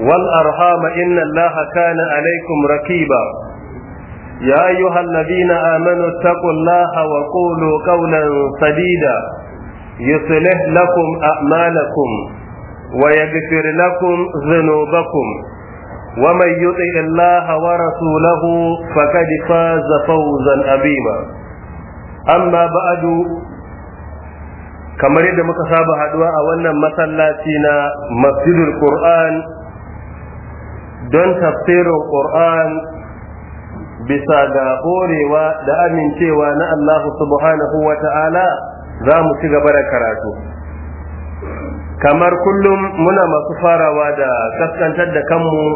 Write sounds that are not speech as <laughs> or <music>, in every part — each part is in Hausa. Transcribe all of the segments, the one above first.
والأرحام إن الله كان عليكم ركيبا يا أيها الذين آمنوا اتقوا الله وقولوا قولا سديدا يصلح لكم أعمالكم ويغفر لكم ذنوبكم ومن يطع الله ورسوله فقد فاز فوزا عظيما أما بعد kamar yadda muka saba haduwa a wannan masallaci na masjidul qur'an don tafsirin Qur'an bisa ga borewa da amincewa na Allah subhanahu wa ta'ala za mu ci gaba da karatu. Kamar kullum muna masu farawa da kaskantar da kanmu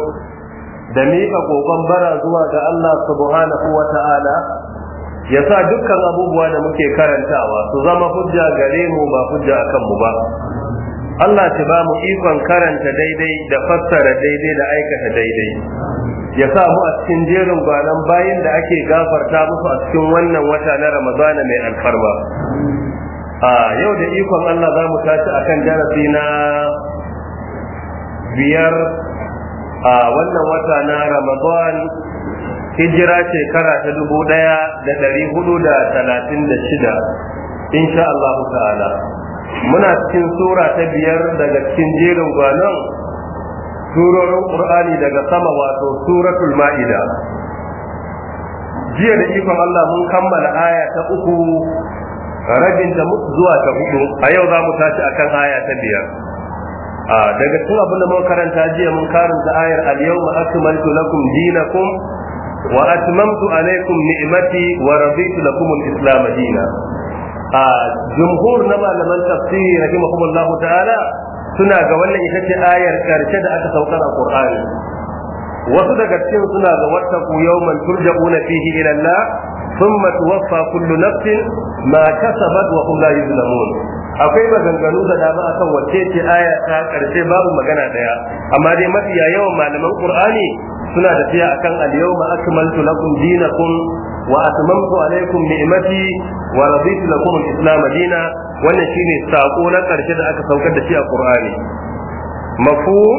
da miƙa ƙoƙon bara zuwa ga Allah subhanahu wa ta'ala ya sa dukkan abubuwa da muke karantawa su zama hujja gare mu ba hujja a kanmu ba. Allah ta ba mu ikon karanta daidai da fassara daidai da aikata daidai ya sa mu a cikin jerin gwanan bayan da ake gafarta musu a cikin wannan wata na Ramadana mai alfarma a yau da ikon Allah za mu tashi akan darasi na biyar a wannan wata na Ramadan hijira shekara ta dubu ɗaya da ɗari hudu da talatin da shida insha Allah ta'ala muna cikin sura ta biyar daga cikin jerin gwanon surorin ƙur'ani daga sama wato suratul ma'ida jiya da ikon Allah mun kammala aya ta uku rabin da zuwa ta hudu a yau za mu tashi kan aya ta biyar daga cikin abin da muka karanta jiya mun karanta ayar al-yawma akmaltu lakum dinakum wa atmamtu alaykum ni'mati wa raditu lakum al-islam dinan jumhur na malaman tafsiri rahimahumullah ta'ala suna ga wannan ita ce ayar karshe da aka saukar a Qur'ani wasu daga cikin suna ga wattaku yawman turja'una fihi ila Allah thumma tuwaffa kullu nafsin ma kasabat wa hum la yuzlamun akwai maganganu da dama akan wacce ce aya ta karshe babu magana ɗaya. amma dai mafiya yawan malaman Qur'ani suna da tiya akan al-yawma akmaltu lakum dinakum وأتممت عليكم نعمتي ورضيت لكم الإسلام دينا wannan shine sako na ƙarshe da aka saukar da shi a Kur'ani. mafhum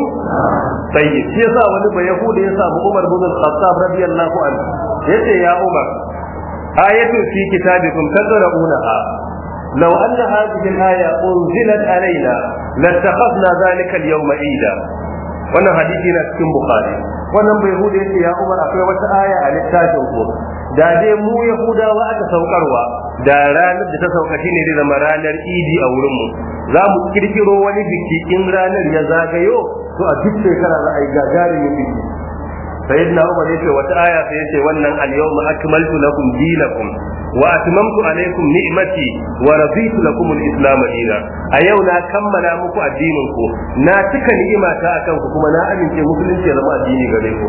tayyib shi yasa wani ba yahudi ya samu Umar bin Khattab radiyallahu anhu yace ya Umar ayatu fi kitabikum tadra'unaha law anna hadhihi al-aya unzilat alaina wannan hadisi na cikin bai hude ya Umar akwai wata aya a littafin ku da dai mu yahudawa aka saukarwa da ranar da ta sauka shine zai zama ranar idi a wurinmu za mu kirkiro wani biki in ranar ya zagayo to a duk shekara za a yi gagarumin biki sayyidina Umar yace wata aya sai yace wannan al-yawma akmaltu lakum dinakum wa atmamtu alaykum ni'mati wa raditu lakum al-islam dinan a yau na kammala muku addinin ku na cika ni'imata akan ku kuma na amince musulunci ya zama addini gare ku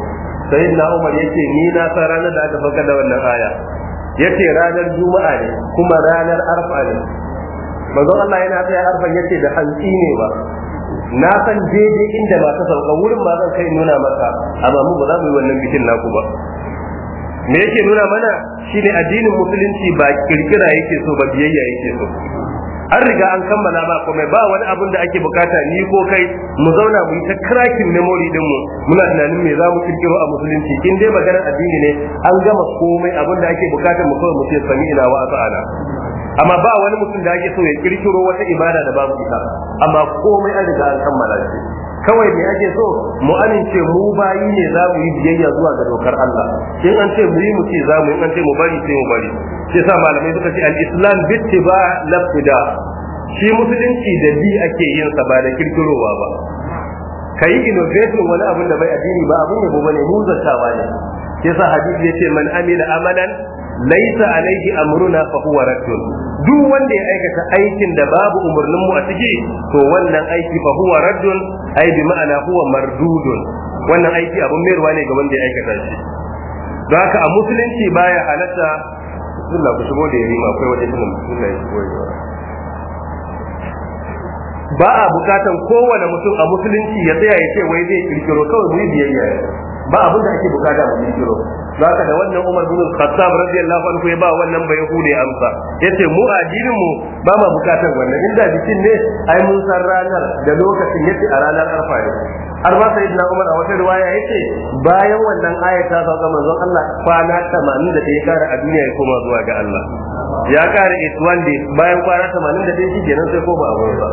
sayyidina Umar yace ni na sa da aka faka da wannan aya yace ranar juma'a ne kuma ranar arfa ne manzon Allah yana tsaya arfa yace da hantsi ne ba na san daidai inda ba ta sauka wurin ba zan kai nuna maka amma mu ba za mu yi wannan bikin naku ba me yake nuna mana shine addinin musulunci ba kirkira yake so ba biyayya yake so an riga an kammala ba kuma ba wani abun da ake bukata ni ko kai mu zauna mu yi ta cracking memory din mu muna tunanin me za mu kirkiro a musulunci in dai maganar addini ne an gama komai abun da ake bukata mu kawai mu ce sami ina wa ta'ala amma ba wani mutum da ake so ya kirkiro wata ibada da babu ita amma komai an riga an kammala shi kawai me ake so mu amince mu bayi ne za mu yi biyayya zuwa ga dokar Allah in an ce mu yi mu ce za mu in an ce mu bari sai mu bari sai sa malamai suka ce al-islam bittiba lafida shi musulunci da bi ake yin sa ba da kirkirowa ba kai yi innovation wani abin da bai addini ba abin yabo bane muzantawa ne yasa hadisi yace man amila amalan laisa alaihi amruna fa huwa raddun duk wanda ya aikata aikin da babu umurnin mu a ciki to wannan aiki fa huwa raddun ai bi ma'ana huwa mardudun wannan aiki abun mayarwa ne ga wanda ya aikata shi don haka a musulunci baya halatta bismillah ku shigo da yayi akwai wajen tunan bismillah ya shigo ba a bukatan kowane mutum a musulunci ya tsaya ya ce wai zai kirkiro kawai mu yi biyayya ba abin da ake bukata ba ne kiro ka da wannan Umar bin Khattab radiyallahu anhu ya ba wannan bai hude amsa yace mu a mu ba ma bukatar wannan inda bikin ne ai mun san ranar da lokacin yace a ranar arfa ne har ba sayyidina Umar a wata riwaya yace bayan wannan ayata ta sauka manzon Allah kwana 80 da ya kara a duniya ya koma zuwa ga Allah ya kare it one day bayan kwana 80 da ya shi kenan sai ko ba a ba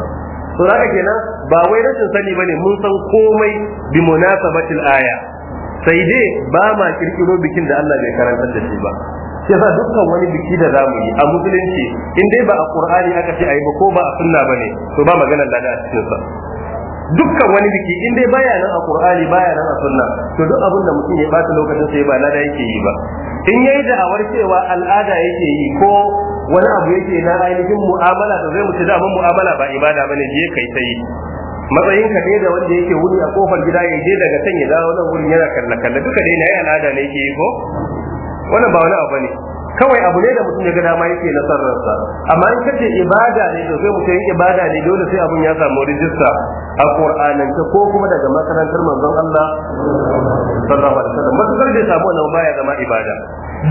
to haka kenan ba wai rashin sani bane mun san komai bi munasabatil aya sai dai ba ma kirkiro bikin da Allah bai karanta da shi ba sai fa dukkan wani biki da zamu yi a musulunci in dai ba a qur'ani aka ce ayi ba ko ba a sunna bane to ba maganar lada a cikin sa dukkan wani biki in dai baya nan a qur'ani baya nan a sunna to duk abin da mutum ya bata lokacin sai ba lada yake yi ba in yayi da awar cewa al'ada yake yi ko wani abu yake na ainihin mu'amala da zai ci da abin mu'amala ba ibada bane je kai sai matsayin ka da wanda yake wuri a kofar gida ya je daga can ya dawo nan wurin yana kalla-kalla duka dai na yi al'ada ne yake yi ko wannan ba wani abu ne kawai abu ne da mutum ya ga dama yake nasararsa amma in kace ibada ne to sai mutum ibada ne dole sai abun ya samu rijista a ta, ko kuma daga makarantar manzon Allah sallallahu alaihi wasallam matukar da samu wannan baya zama ibada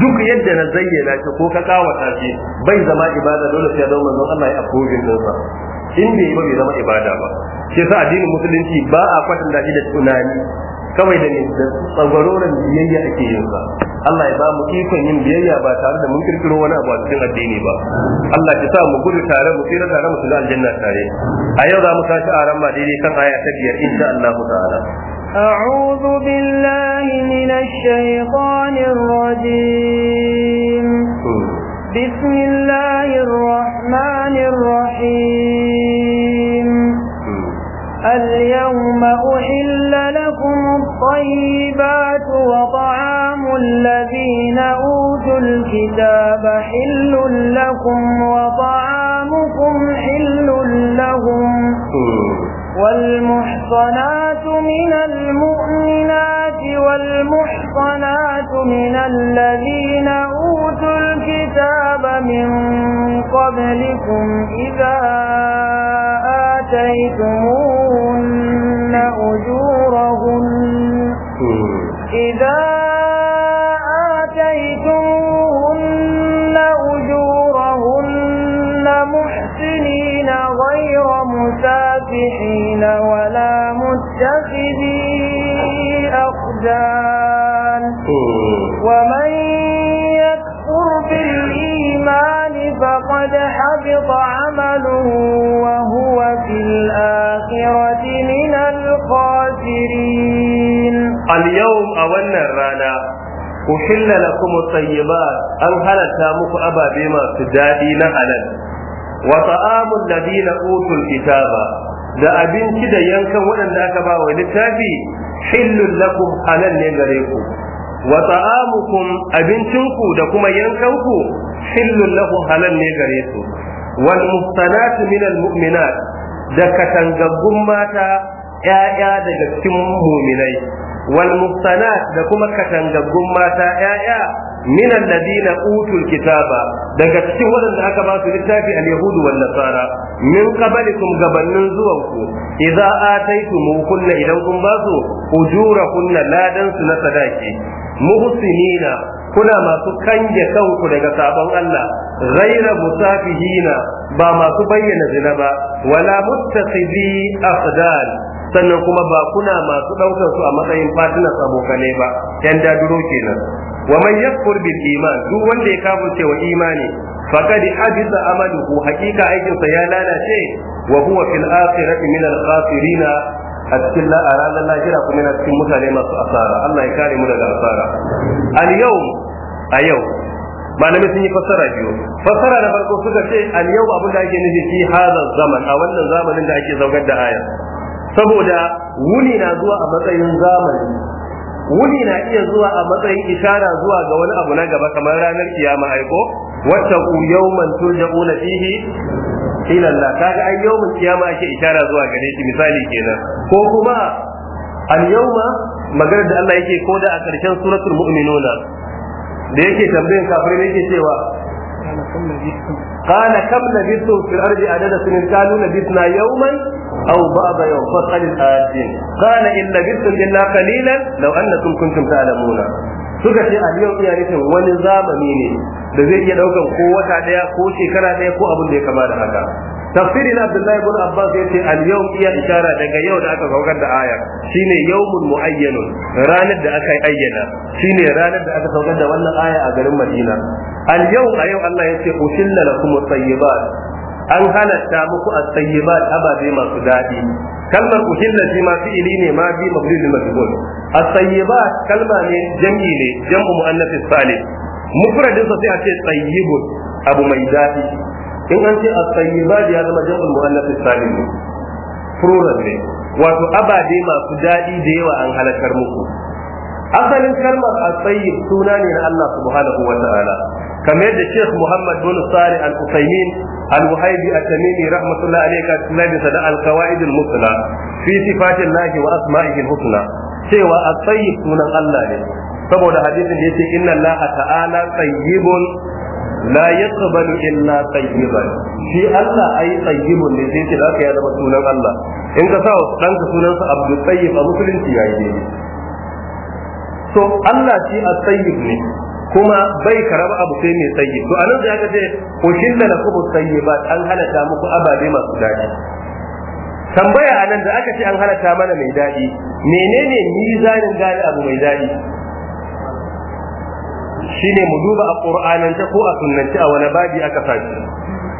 duk yadda na zayyana ta ko ka kawata shi bai zama ibada dole sai ya zama manzon Allah ya approving din sa in bai yi ba bai zama ibada ba shi yasa addinin musulunci ba a kwatanta shi da tunani kawai da ne da tsangwaroren biyayya ake yin sa Allah ya ba mu ikon yin biyayya ba tare da mun kirkiro wani abu a cikin addini ba Allah ya sa mu gudu tare mu tsira tare mu shiga aljanna tare a yau za mu tashi a ran ma daidai kan aya ta biyar insha Allah ta'ala أعوذ بالله من الشيطان الرجيم hmm. بسم الله الرحمن الرحيم اليوم أحل لكم الطيبات وطعام الذين أوتوا الكتاب حل لكم وطعامكم حل لهم والمحصنات من المؤمنات والمحصنات من الذين أوتوا الكتاب من قبلكم إذا آتيتم مسافحين ولا متخذي أخدان ومن يكفر بالإيمان فقد حبط عمله وهو في الآخرة من الخاسرين اليوم أولنا الرانا أحل لكم الطيبات أو هل تامك أبا بما في دادي نهلا wa ta'amul ladina utul kitaba da abinci da yankan waɗanda aka ba wa littafi hillul lakum halal ne gare ku wa ta'amukum abincinku da kuma yankanku hillul lakum halal ne gare su wal min minal mu'minat da katangaggun mata ‘ya'ya daga cikin muminai wal muhsanat da kuma katangaggun mata ƴaƴa min alladina utul kitaba daga cikin waɗanda aka basu littafi a yahudu wan nasara min qablikum gabannin zuwanku idza ataytumu kunna idan kun ba su ujura kunna ladan su na sadaki muhsinina kuna masu kange kanku daga sabon Allah ghaira musafihina ba masu bayyana zina ba wala muttaqidi afdal sannan kuma ba kuna masu ɗaukar su a matsayin fatinas abokane ba yan daduro kenan wa man yakfur bil iman duk wanda ya kafirce wa imani faqad ajiza amaluhu hakika aikin sa ya lalace wa huwa fil akhirati min al khasirin a cikin a ranar lahira kuma yana cikin mutane masu asara Allah ya kare mu daga asara al yau a yau malami sun yi fassara biyu fassara da farko suka ce al yau abin da ake nufi fi hadha zaman a wannan zamanin da ake zaugar da aya saboda wuni na zuwa a matsayin zamani wuni na iya zuwa a matsayin ishara zuwa ga wani abu na gaba kamar ranar kiyama aiko wattaqu yawman turja'una fihi ila Allah kaga ai mun kiyama ake ishara zuwa gare shi misali kenan ko kuma al yawma maganar da Allah yake da a karshen suratul mu'minuna da yake tambayin kafirai yake cewa كم لبثتم قال كم لبثتم في الأرض عدد سنين قالوا لبثنا يوما أو بعض يوم فقال الآتين قال إن لبثتم إلا قليلا لو أنكم كنتم تعلمون suka ce aliyu iya ne wani zamani ne da zai iya daukan ko wata daya ko shekara daya ko abin da ya kama da haka tafsirin abdullahi ibn abbas yace aliyu iya ishara daga yau da aka saukar da aya shine yawmul muayyan ranar da aka ayyana shine ranar da aka saukar da wannan aya a garin madina aliyu a yau Allah yace usilla lakum tayyibat an halatta muku a at ba ababe masu daɗi kalmar uhilla shi masu fi'ili ne ma bi mabni lil A tsaye ba kalma ne jam'i ne jam'i muannath salih mufradin sa sai a ce tayyibun abu mai daɗi in an ce at-tayyibat ya zama jam'u muannath salih plural ne wato ababe masu daɗi da yawa an halakar muku asalin kalmar a tsaye suna ne na Allah subhanahu wa ta'ala kamar yadda Sheikh Muhammad bin Sari Al-Uthaymeen Al-Wahibi At-Tamimi rahmatullahi alayhi ka tsalabi sada al-qawaid al-musla fi sifatillahi wa asma'ihi al-husna cewa at-tayyib sunan Allah ne saboda hadisin da yace inna Allah ta'ala tayyibun la yaqbalu illa tayyiban shi Allah ai tayyibun ne zai ce da ya zama sunan Allah in ka sa dan ka sunan sa Abdul Tayyib a musulunci yayi ne so Allah shi at-tayyib ne kuma bai karaba abu sai mai tsayi to anan da aka ce uhilla lakum tsayi ba an halata muku ababe masu daɗi tambaya anan da aka ce an halata mana mai daɗi menene mizanin gane abu mai daɗi shine mu duba a ta ko a sunnanci a wani babi aka fashi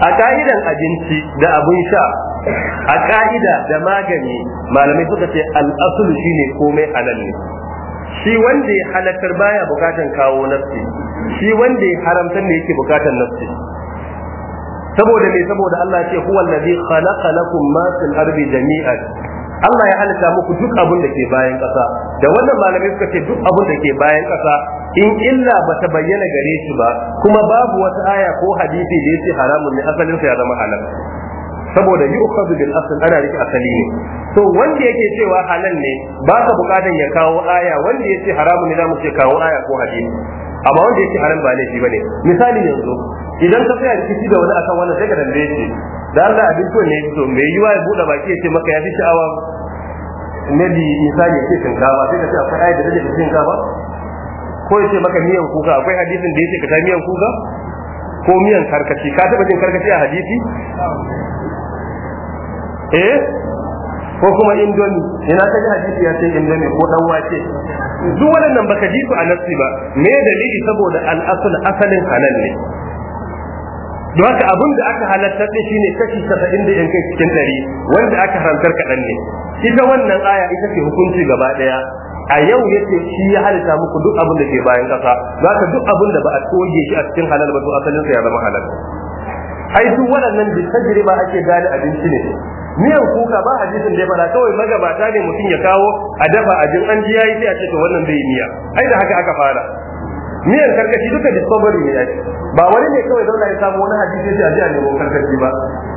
a ka'idan abinci da abun sha a ka'ida da magani malamai suka ce al-aslu shine komai halal ne shi wanda ya halakar baya bukatan kawo nafsi shi wanda ya haramtar ne yake bukatan nafsi saboda me saboda Allah ce huwa allazi khalaqa lakum ma fil ardi jami'an Allah ya halitta muku duk abin da ke bayan ƙasa da wannan malamai suka ce duk abin da ke bayan ƙasa in illa ba ta bayyana gare shi ba kuma babu wata aya ko hadisi da yake haramun ne asalin sa ya zama halal saboda yi ukhadu bil asl ana rike asali ne to wanda yake cewa halal ne ba ka bukatan ya kawo aya wanda yace haramun ne zamu ce kawo aya ko hadisi amma wanda yake haram ba laifi bane misali yanzu idan ka tsaya rikici da wani akan wannan sai ka dambe shi da Allah abin ko ne to me yiwa ya bude baki ya ce maka ya fi sha'awa nabi misali ya ce shinkafa sai ka ce akwai aya da take shinkafa ko ya ce maka miyan kuka akwai hadisin da ya ce ka ta miyan kuka ko miyan karkashi ka taba jin karkashi a hadisi eh ko kuma indomi ina ta ji hadisi ya ce indomi ko dan wake duk waɗannan baka ji su a nafsi ba me dalili saboda al'asul asalin halal ne don haka abin da aka halatta ɗin shine kashi saba'in da yankai cikin ɗari wanda aka haramtar kaɗan ne ita wannan aya ita ce hukunci gaba ɗaya a yau yace shi ya halitta muku duk abin da ke bayan kasa, za ka duk abin da ba a toge shi a cikin halal ba to asalin sa ya zama halal ai duk waɗannan bi tajriba ake gane abinci ne miyan kuka ba hadisin da ya fara kawai magabata ne mutum ya kawo a dafa a jin an ji yayi sai a ce to wannan bai miya ai da haka aka fara miyan karkashi duka discovery ne yake ba wani ne kawai zauna ya samu wani hadisi sai a ji a nemo karkashi ba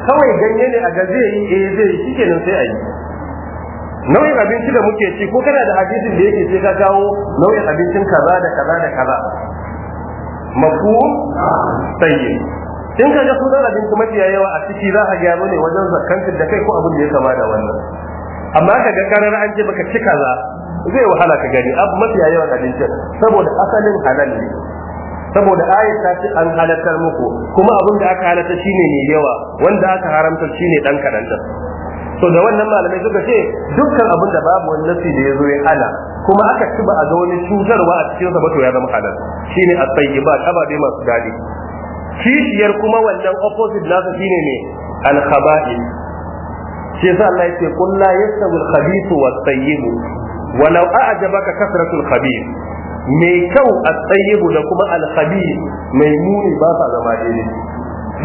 kawai ganye ne a ga zai yi eh zai yi shikenan sai a yi nau'in abinci da muke ci ko kana da hadisin da yake sai ka kawo nau'in abincin kaza da kaza da kaza mafu tayyib in ka ga sunan abinci mafiya yawa a ciki za a gyaro ne wajen zakkantar da kai ko abin da ya kama da wannan amma ka ga karar an je baka cika kaza zai wahala ka gani abu yawa yawan abincin saboda asalin halal ne saboda ayat ta ce an halartar muku kuma abin da aka halarta shine ne yawa wanda aka haramta shine dan kadan to da wannan malamai suka ce dukkan abin da babu wani nasi da ya zo ya hana kuma aka ci a ga wani cutarwa a cikin sa ba to ya zama halal shine a at-tayyibat ababe masu dadi kishiyar kuma wannan opposite nasa shine ne al-khaba'il shi yasa Allah yake qul la yastawi al khabithu wa at-tayyib walau a'jabaka kasratul khabith mai kyau at-tayyib da kuma al-khabith mai muni ba sa zama daidai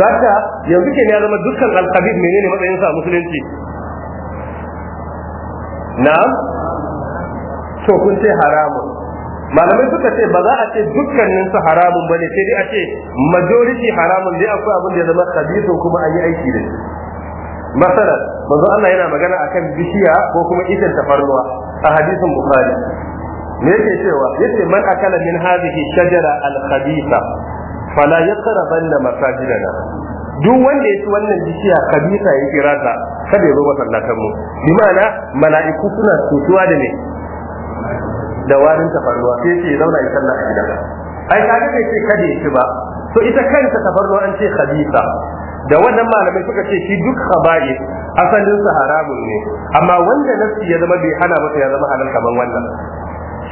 zaka yanzu ke ne ya zama dukkan al-khabith menene matsayin sa musulunci na'am to kun ce haramun malamai suka ce ba za a ce dukkanin su haramun bane sai dai a ce majority haramun dai akwai abin da ya zama khabithun kuma an yi aiki da shi masala manzo Allah yana magana akan bishiya ko kuma isin tafarnuwa a hadisin bukhari me yake cewa yace man akala min hadhihi shajara al khabitha fala yaqrabanna masajidana duk wanda ya ci wannan bishiya khabitha ya kira kada ya zo masallatan mu bi ma'ana mala'iku suna tutuwa da ne da warin tafarnuwa sai ce zauna ya sallah a gida ai kaga bai ce kada ya ci ba to ita kanta tafarnuwa an ce khabisa da wannan malamai suka ce shi duk khaba'i asalin sa haramun ne amma wanda nafsi ya zama bai hana masa ya zama halal kaman wannan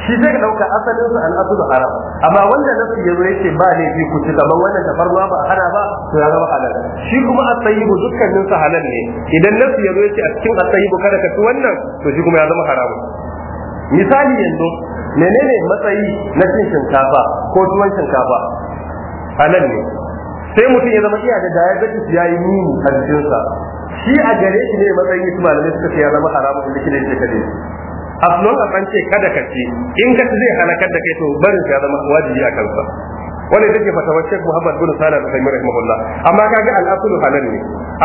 shi zai ka dauka asalin sa al'asulu haram amma wanda nafsi ya zo yake ba ne fi kuci kaman wannan tafarnuwa ba hana ba to ya zama halal shi kuma at-tayyibu dukkanin sa halal ne idan nafsi ya zo yake a cikin at-tayyibu kada ka ci wannan to shi kuma ya zama haramun misali yanzu menene matsayi na cin shinkafa ko tuwon shinkafa A nan ne sai mutum ya zama iya da gaji ya yi mini a jikinsa shi a gare shi ne matsayin su malamai suka ce ya zama haramun inda shi ne da kade a sunan a san ce kada ka ce in ka zai halakar da kai to barin ya zama wajibi a kansa wannan take fatawar Sheikh Muhammad bin Salah bin Taymiyyah rahimahullah amma kaga al-aslu halal ne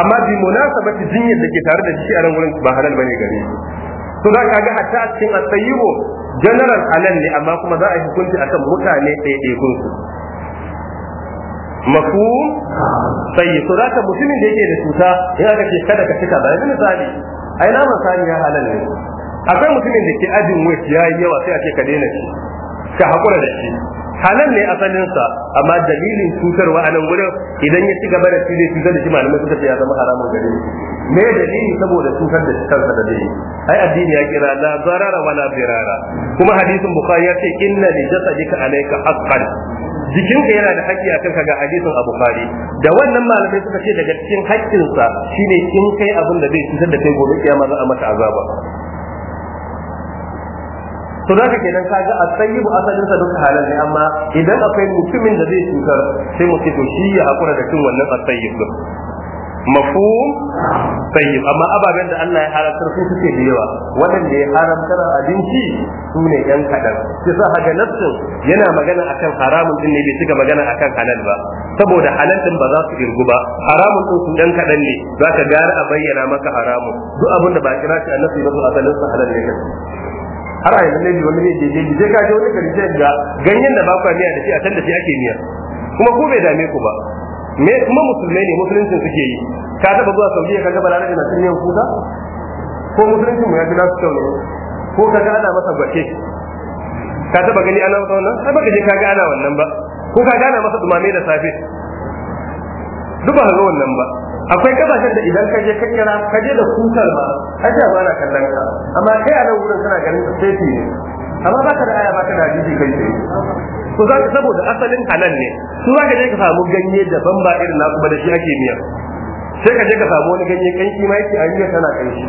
amma bi munasabati jinyar da ke tare da shi a ran wurin ba halal bane gare shi to za ka ga hatta a cikin asayibo general nan ne amma kuma za a yi hukunci a kan mutane ɗaiɗaikun su mafu sayi, to za ka mutumin da yake da cuta ya ga ke kada ka cika ba yanzu misali ina naman sani ya halar ne akwai mutumin da ke ajin wet ya yi yawa sai a ce ka daina shi ka haƙura da shi halan ne asalinsa amma dalilin cutarwa a nan wurin idan ya ci gaba da shi zai cutar da shi malamai suka ce ya zama haramun gare shi me dalili saboda cutar da shi kansa da dai ai addini ya kira la zarara wala zarara kuma hadisin bukhari ya ce inna li jasadika alayka haqqan jikinka yana da haƙƙi a kanka ga hadisin Abu Bukhari da wannan malamai suka ce daga cikin haƙƙinsa shine in kai abin da zai cutar da kai gobe kiyama za a mata azaba to da kenan ka ga a tayyib asalin sa duka halal ne amma idan akwai mutumin da zai cutar sai mu ce to shi ya hakura da cin wannan at-tayyib din mafhum amma ababen da Allah ya haramta, su suke da yawa waɗanda ya haramtar abinci su ne yan kadan sa haga nafsin yana magana akan haramun din ne bai shiga magana akan halal ba saboda halal din ba za su girgu ba haramun din su dan kadan ne za ka gara a bayyana maka haramun duk abin da ba kira shi annabi ba su asalin sa halal ne har a yanzu ne wani ne je je sai ka je wani gari je ga ganyen da ba ku miya da shi a can da shi ake miya kuma ko bai dame ku ba me kuma musulmai ne musulunci suke yi ka taba zuwa saudiya ka ga da na cikin kuka ko musulunci mu ya ji nasu kyau ko ka ga ana masa gwake ka taba gani ana masa wannan sai baka je ka ga ana wannan ba ko ka gana masa dumame da safe duk ba ga wannan ba akwai kasashen da idan ka je ka kira ka je da kusar ma aja ba na kallon ka amma kai a nan wurin kana ganin safety ne amma ba ka da aya ba ka da jiji kai sai to za ka saboda asalin halal ne su za ka je ka samu ganye daban ba irin nasu ba da shi ake miya sai ka je ka samu wani ganye kan ma yake a miyar tana shi.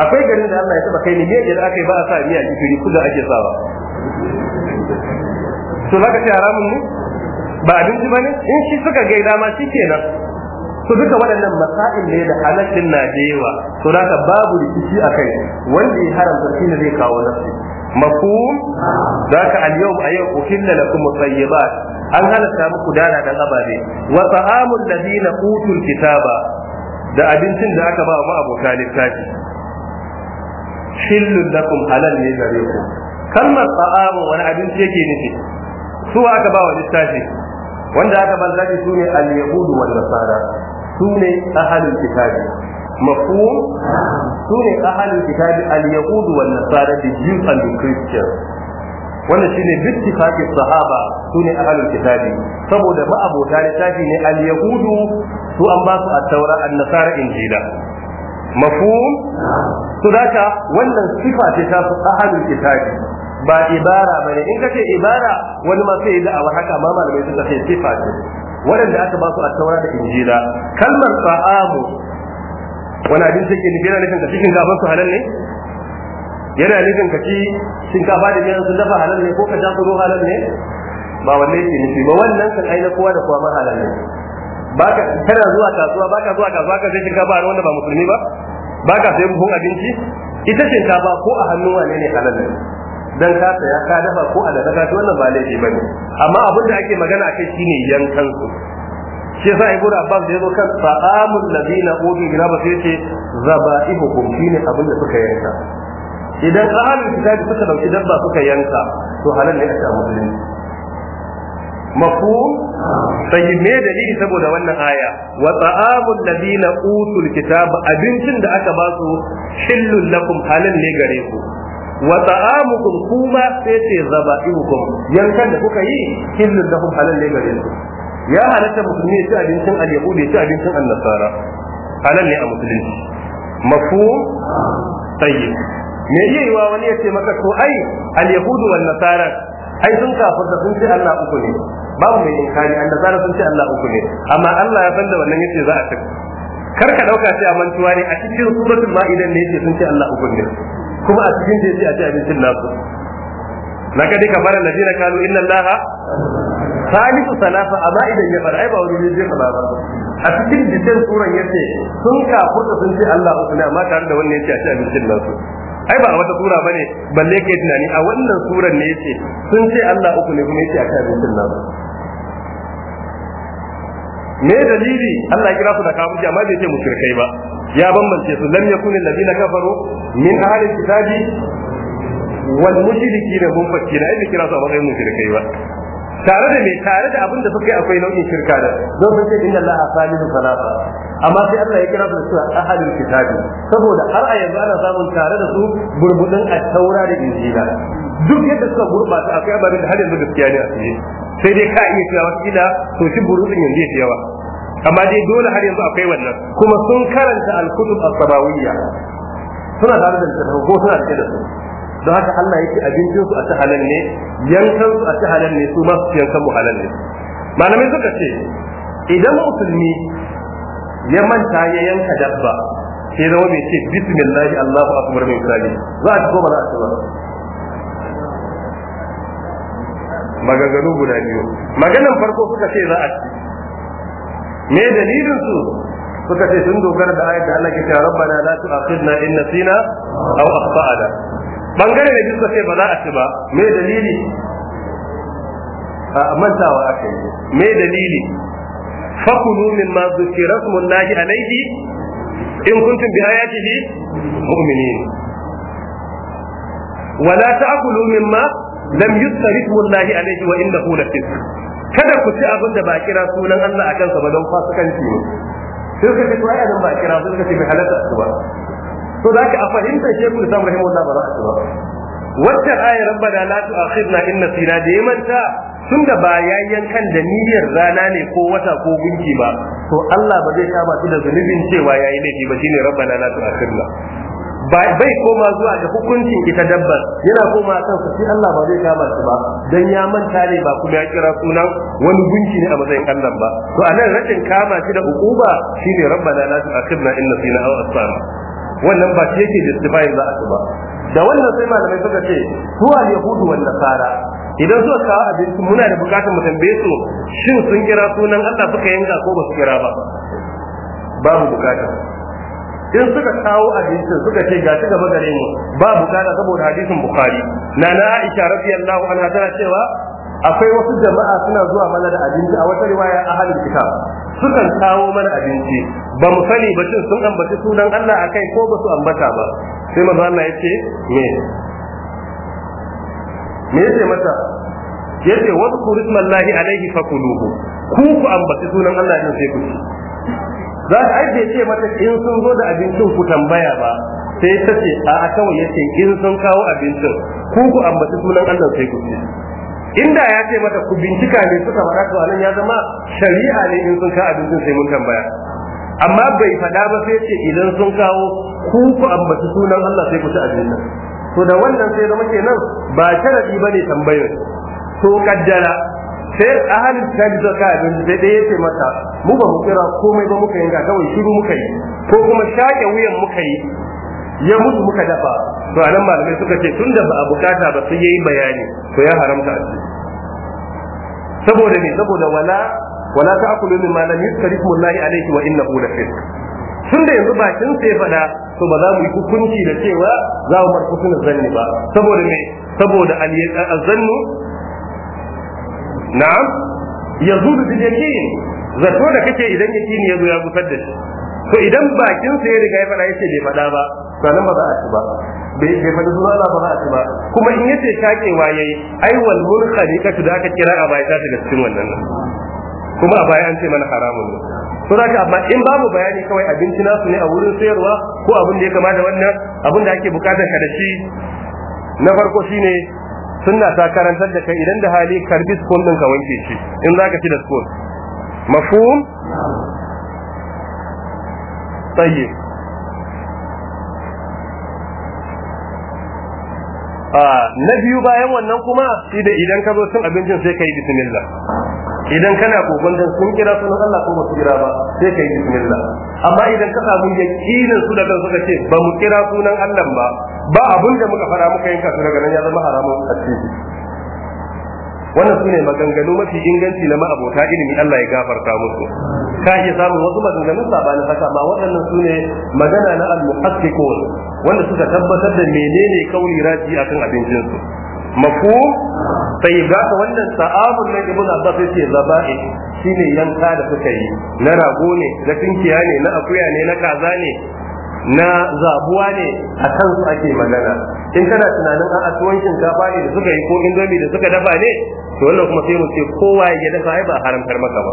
akwai garin da Allah ya taba kai ne miyar da aka yi ba a sa miya jikin kuda ake sawa to za ka ce haramun ne ba abinci ba ne in shi suka gai dama shi kenan to duka waɗannan masa'il ne da halaccin na da to naka babu rikici a kai wanda ya haramta shi ne zai kawo nafsi mafhum daga al yawm a yau uhilla lakum tayyibat an halatta muku dana da ababe wa ta'amul ladina utul kitaba da abincin da aka ba wa abokan littafi hillun lakum halal ne gare ku kalmar ta'amu wani abinci yake nufi su aka ba wa littafi wanda aka mallaki su ne al-yahudu wal nasara su ne ahalul kitabi mafhum su ne ahalul kitabi al-yahudu wal nasara the Jews and the Christians wannan shine bittifaqi sahaba su ne ahalul kitabi saboda ba ma'abota littafi ne al-yahudu su an ba su at-taura an-nasara injila mafhum to daka wannan sifa ce ta su ahalul kitabi ba ibara ba ne in ka ce ibara wani ma sai da abu haka ma malamai suka ce sifa ce waɗanda aka ba su a taura da injila kalmar ta'amu wani abin take ni yana nufin ka ci shinkafa su halal ne yana nufin ka ci shinkafa da biyar sun dafa halal ne ko ka ja tsoro halal ne ba wanne ke nufi ba wannan kan aina kowa da kowa ma halal ne baka kana zuwa kasuwa baka zuwa kasuwa ka sai shinkafa a wanda ba musulmi ba baka sai buhun abinci ita shinkafa ko a hannun wane ne halal ne dan ka saya ka dafa ko a daga to wannan ba laifi bane amma abin da ake magana akai shine yankan su shi yasa ibnu abbas da yazo kan fa'amul ladina ubi ba sai ce zaba'ihukum shine abin da suka yanka idan ahalin kitabi suka dauki dabba suka yanka to halal ne a ta musulmi mafu sai me dalili saboda wannan aya wa ta'amul ladina utul kitab abincin da aka ba su shillul lakum halal ne gare ku wa ta'amukum kuma sai ce zaba'ihukum yankan da kuka yi kullun da halal ne gare su ya halatta musulmi ya ci abincin al-yahudi ya ci abincin an-nasara halal ne a musulunci mafu tayyib me wa wani ya ce maka to ai al-yahudu wan-nasara ai sun kafirta sun ce Allah uku ne babu mai inkari an da sun ce Allah uku ne amma Allah ya san da wannan yace za a tafi kar ka dauka sai a mantuwa ne a cikin suratul ma'idan ne yace sun ce Allah uku ne kuma a cikin da a ci abincin nasu Na ka fara na alladhina kalu inna allaha salisu salasa amma idan ya fara ai ba wani ne ba a cikin jikin suran yace sun kafurta sun ce Allah uku ne amma tare da wannan yace a ci abincin nasu ai ba wata sura bane balle kai tunani a wannan suran ne yace sun ce Allah uku ne kuma yace a ci abincin nasu me dalili Allah ya kira su da kafirci amma bai ce mushrikai ba ya bambance su lam yakun alladhina kafaru min ahli kitabi wal mushrikina hum fakira ai kira su a matsayin ba tare da mai tare da abin da suka yi akwai nau'in shirka da don sun ce inna allaha salihu salasa amma sai Allah ya kira su cewa ahalul kitabi saboda har a yanzu ana samun tare da su burbudin at-taura da injila duk yadda suka gurbata akwai ababen da har yanzu gaskiya ne a cikin sai dai ka iya cewa kila to shi burudin yanzu ya yawa amma dai dole har yanzu akwai wannan kuma sun karanta al-kutub as-sabawiyya suna tare da littattafai ko suna da su don haka Allah yake abincin su a ci halal ne yankan su a ci halal ne su ma su yankan mu halal ne malamai suka ce idan musulmi ya manta ya yanka dabba sai zama mai ce bismillah Allahu akbar min kirani za a ci goma za a ci ba maganganu guda biyu maganan farko suka ce za a ci me dalilin su suka ce sun dogara da ayat da Allah ke cewa rabbana la tu'akhidna in nasina aw akhtana bangare da biyu sai ba za a ci ba me dalili a mantawa aka yi me dalili fakulu min ma zukira lahi alaihi in kuntum bi ayatihi mu'minin wala ta'kulu mimma lam yuzkar lahi alaihi wa innahu lafisq kada ku ci abin da ba kira sunan Allah akan kansa ba don fasikanci ne sai ka ce to ai ba kira sun ka ce bai halatta ba to da haka a fahimtar shekul islam rahimahullah ba za a ci ba waccan ayar rabbana la tu'akhidna in nasina da ya manta tun da ba ya yankan da niyyar rana ne ko wata ko gunki ba to Allah ba zai kama shi da zunubin cewa yayi laifi ba shine rabbana la tu'akhidna bai koma zuwa da hukuncin ita dabbar yana koma kan su sai Allah ba zai kama shi ba dan ya manta ne ba kuma ya kira sunan wani gunki ne a matsayin Allah ba to anan rashin kama shi da hukuma shine rabbana la tu'akhidna in nasina aw asana wannan ba shi yake justify za a ci ba da wannan sai malamai suka ce su a yahudu wan nasara idan suka kawo abinci muna da bukatar mu tambaye su shin sun kira sunan Allah suka yanka ko ba su kira ba babu bukata in suka kawo abincin suka ce ga gaba gare mu ba bukata saboda hadisin bukhari na na aisha radiyallahu anha tana cewa akwai wasu jama'a suna zuwa mana da abinci a wata riwaya halin kitab sukan kawo mana abinci ba mu sani ba shin sun ambaci sunan Allah akai ko ba su ambata ba sai manzo Allah ya ce me me yace mata yace wa kurismallahi ismallahi alaihi fakuluhu ku ku ambaci sunan Allah ne sai ku ci za ta aje ce mata in sun zo da abincin ku tambaya ba sai ta ce a kawai yace in sun kawo abincin ku ku ambaci sunan Allah sai ku ci inda ya ce mata ku bincika ne suka faɗa to anan ya zama shari'a ne in sun ka abincin sai mun tambaya amma bai faɗa ba sai ce idan sun kawo ku ku ambaci sunan Allah sai ku ci nan. to da wannan sai zama kenan ba sharadi bane tambayar to kaddara sai ahalin tabi da ka abin da dai yace mata mu ba mu kira komai ba muka yi ga kawai shiru muka yi ko kuma shaƙe wuyan muka yi ya mutu muka dafa to anan malamai suka ce da ba a bukata ba sai yi bayani to ya haramta a saboda ne saboda wala wala ta min ma lam yusrifu Allah alayhi wa innahu lafisq tun da yanzu bakin sai faɗa to ba za mu yi hukunci da cewa za mu bar kusuna zanni ba saboda ne saboda al-zannu na'am yazudu bi yakin zato da kake idan ya yazo ya gusar da shi to idan bakin sa ya riga ya faɗa yace bai faɗa ba sanan ba za a ci ba bai bai faɗi su ba za a ci ba kuma in yace shakewa yayi ai wal ka tuda ka kira a baya ta shiga cikin wannan nan? kuma a baya an ce mana haramun ne to zaka amma in babu bayani kawai abinci nasu ne a wurin sayarwa ko abin da ya kama da wannan abin da ake bukatar ka da shi na farko shine sunna ta karantar da kai idan da hali karbi spoon din ka wanke shi in zaka ci da spoon mafhum tayyib na biyu bayan wannan kuma shi da idan ka zo cin abincin sai ka yi bismillah idan kana kokon dan sun kira sunan Allah ko ba su kira ba sai ka yi bismillah amma idan ka samu yakinin su daga suka ce ba mu kira sunan Allah ba ba abin da muka fara muka yanka kasu daga nan ya zama haramun a cikin wannan sune maganganu mafi inganci na ma'abota ilimi Allah ya gafarta musu ka iya samun wasu maganganun sabanin haka ba waɗannan sune magana na al-muhaqqiqun wanda suka tabbatar da menene kauli raji akan abincin su mafu sai ga ka wannan sa'abun na ibn abbas yace zaba'i shine yanka da suka yi na rago ne da tinkiya ne na akuya ne na kaza ne na zabuwa ne a kansu ake magana in kana tunanin a asuwancin shinkafa ne da suka yi ko indomi da suka dafa ne to wannan kuma sai mu ce kowa ya dafa ai ba haramtar maka ba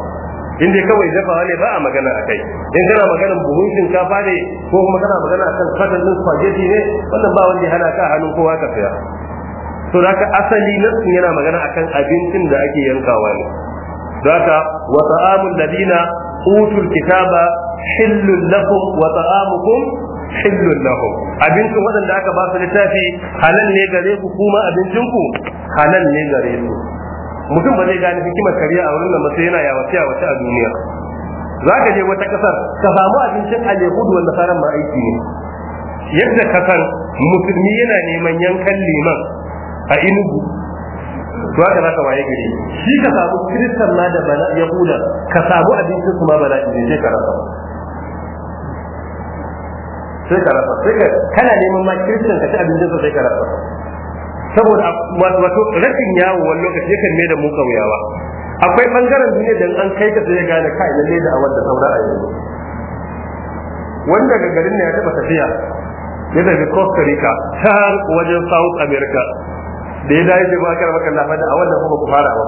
in dai kawai dafawa ne ba a magana a kai in kana magana buhun shinkafa ne ko kuma kana magana a kan fatan spaghetti ne wannan ba wanda ya hana ka hannun kowa ka saya to da asali sun yana magana akan abincin da ake yankawa ne da haka wa ta'amul ladina utul kitaba حل لكم وطعامكم حل لهم lahum abincin waɗanda aka ba su littafi halal ne gare ku kuma ku? halal ne gare ku. mutum ba zai gane hikimar kariya a wurin da masu yana yawa wata a duniya za ka je wata kasar ka samu abincin al wanda faran ma aiki ne yadda kasar musulmi yana neman yankan liman a inugu to haka za ka waye gari shi ka samu kiristan ma da yahuda ka samu abincin su ma bala'i ne sai ka rasa sai ka rasa sai ka kana neman ma kirkin ka ci abincin sa sai ka rasa saboda wato rashin yawo wani lokaci yakan mai da mu kauyawa akwai bangaren duniya da an kai ka sai gane kai lalle da awar da saura a yanzu wanda daga garin ne ya taba tafiya ya tafi Costa Rica har wajen South America da ya dace ba kar maka lafa da awar da kuma ku fara ba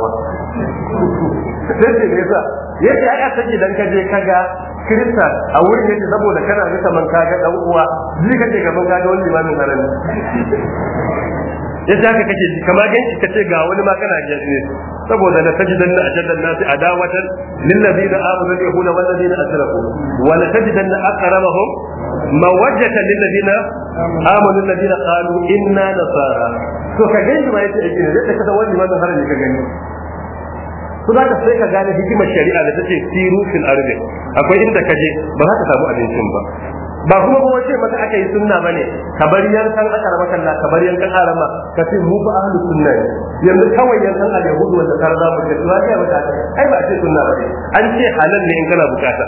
<laughs> sai ce me yasa yace ai a sake dan ka je kaga kirista a wurin yake saboda kana ga kaman ka ga dan uwa ji kake kaman ka ga wani limamin harami ya ka kake ji kamar ganci ka ce ga wani ma kana ji ne saboda la tajidanna ajallan nasi adawatan lil ladina amanu yahuda wal ladina asrafu wa la tajidanna aqrabahum mawajjatan lil ladina amanu ladina qalu inna nasara to ka ganci ma yace ne zai ka kada wani ma harami ka gani su za ka sai ka gane hikimar shari'a da ta ce siru fil ardi akwai inda ka je ba za ka samu abincin ba ba kuma kuma ce maka aka yi sunna ba ne ka kabar yankan akara makalla kabar yankan arama ka ce mu ba ahlus sunna ne yanzu kawai yankan al yahudu wanda kar za mu ce to ai ba ai ba ce sunna ba ne an ce halal ne in kana bukata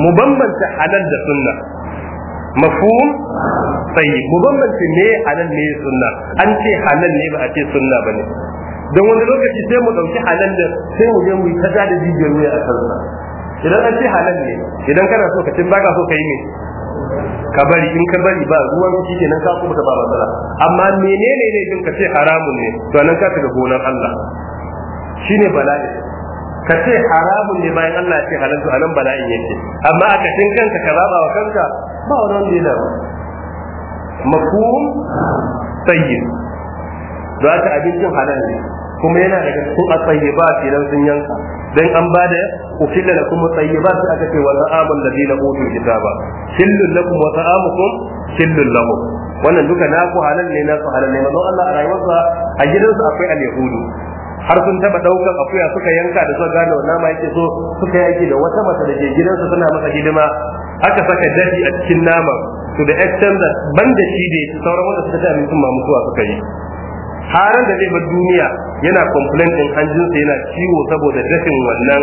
mu bambanta halal da sunna mafhum sai mu bambanta me halal ne sunna an ce halal ne ba a ce sunna ba ne don wani lokaci sai mu ɗauki halal da sai mu je mu yi ta da jijiyar wuya a kansa idan an ce halal ne idan kana so ka cin baka so ka yi ne ka bari in ka bari ba ruwan shi nan ka kuma ba matsala amma menene ne din ka ce haramun ne to nan ka shiga gonar Allah shine bala'i ka ce haramun ne bayan Allah ya ce halal to anan bala'in yake amma a kashin kanka ka zaba wa kanka ba wani wanda yana mafhum tayyib don haka abincin halal ne kuma yana daga cikin ba a idan sun yanka don an bada kuma lakum ba su aka ce wa ta'amul ba, utul kitaba hillul lakum wa ta'amukum hillul lahum wannan duka ku halal ne su halal ne mazan Allah a rayuwarsa a gidansu akwai al-yahudu har sun taba daukar akuya suka yanka da suka gane wannan ma yake so suka yaki da wata mace da ke gidansa suna masa hidima aka saka dafi a cikin naman to da extent ban da shi da sauran wanda suka ta mutum ma mutuwa suka yi haran da zai bar duniya yana complain din hanjinsa yana ciwo saboda dafin wannan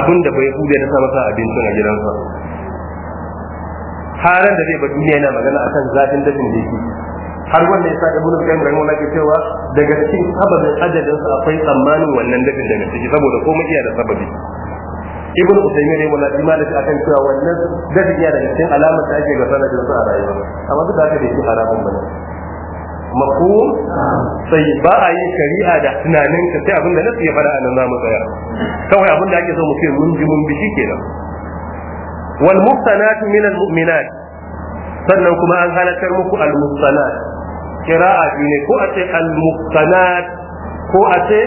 abin da bai hude na masa abincin a gidansa haran da zai bar duniya yana magana akan zafin dafin da yake har wanda yasa ibnu qayyim rahimahullah ke cewa daga cikin sababin adadin sa akwai tsammanin wannan dafin daga ciki saboda komai iya da sababi ibn usaymin ne wala imani da akan cewa wannan dafin iya daga cikin alamar da ake ga sanadin sa a rayuwa amma duk da haka da yake haramun bane mafu sai ba a yi shari'a da tunanin ka sai abin da nasu ya fara anan zamu tsaya kawai abin da ake so mu ce mun ji mun bi shi kenan wal muhsanatu min al mu'minat sannan kuma an halakar muku al muhsanat kira'a ne ko a ce al muhsanat ko a ce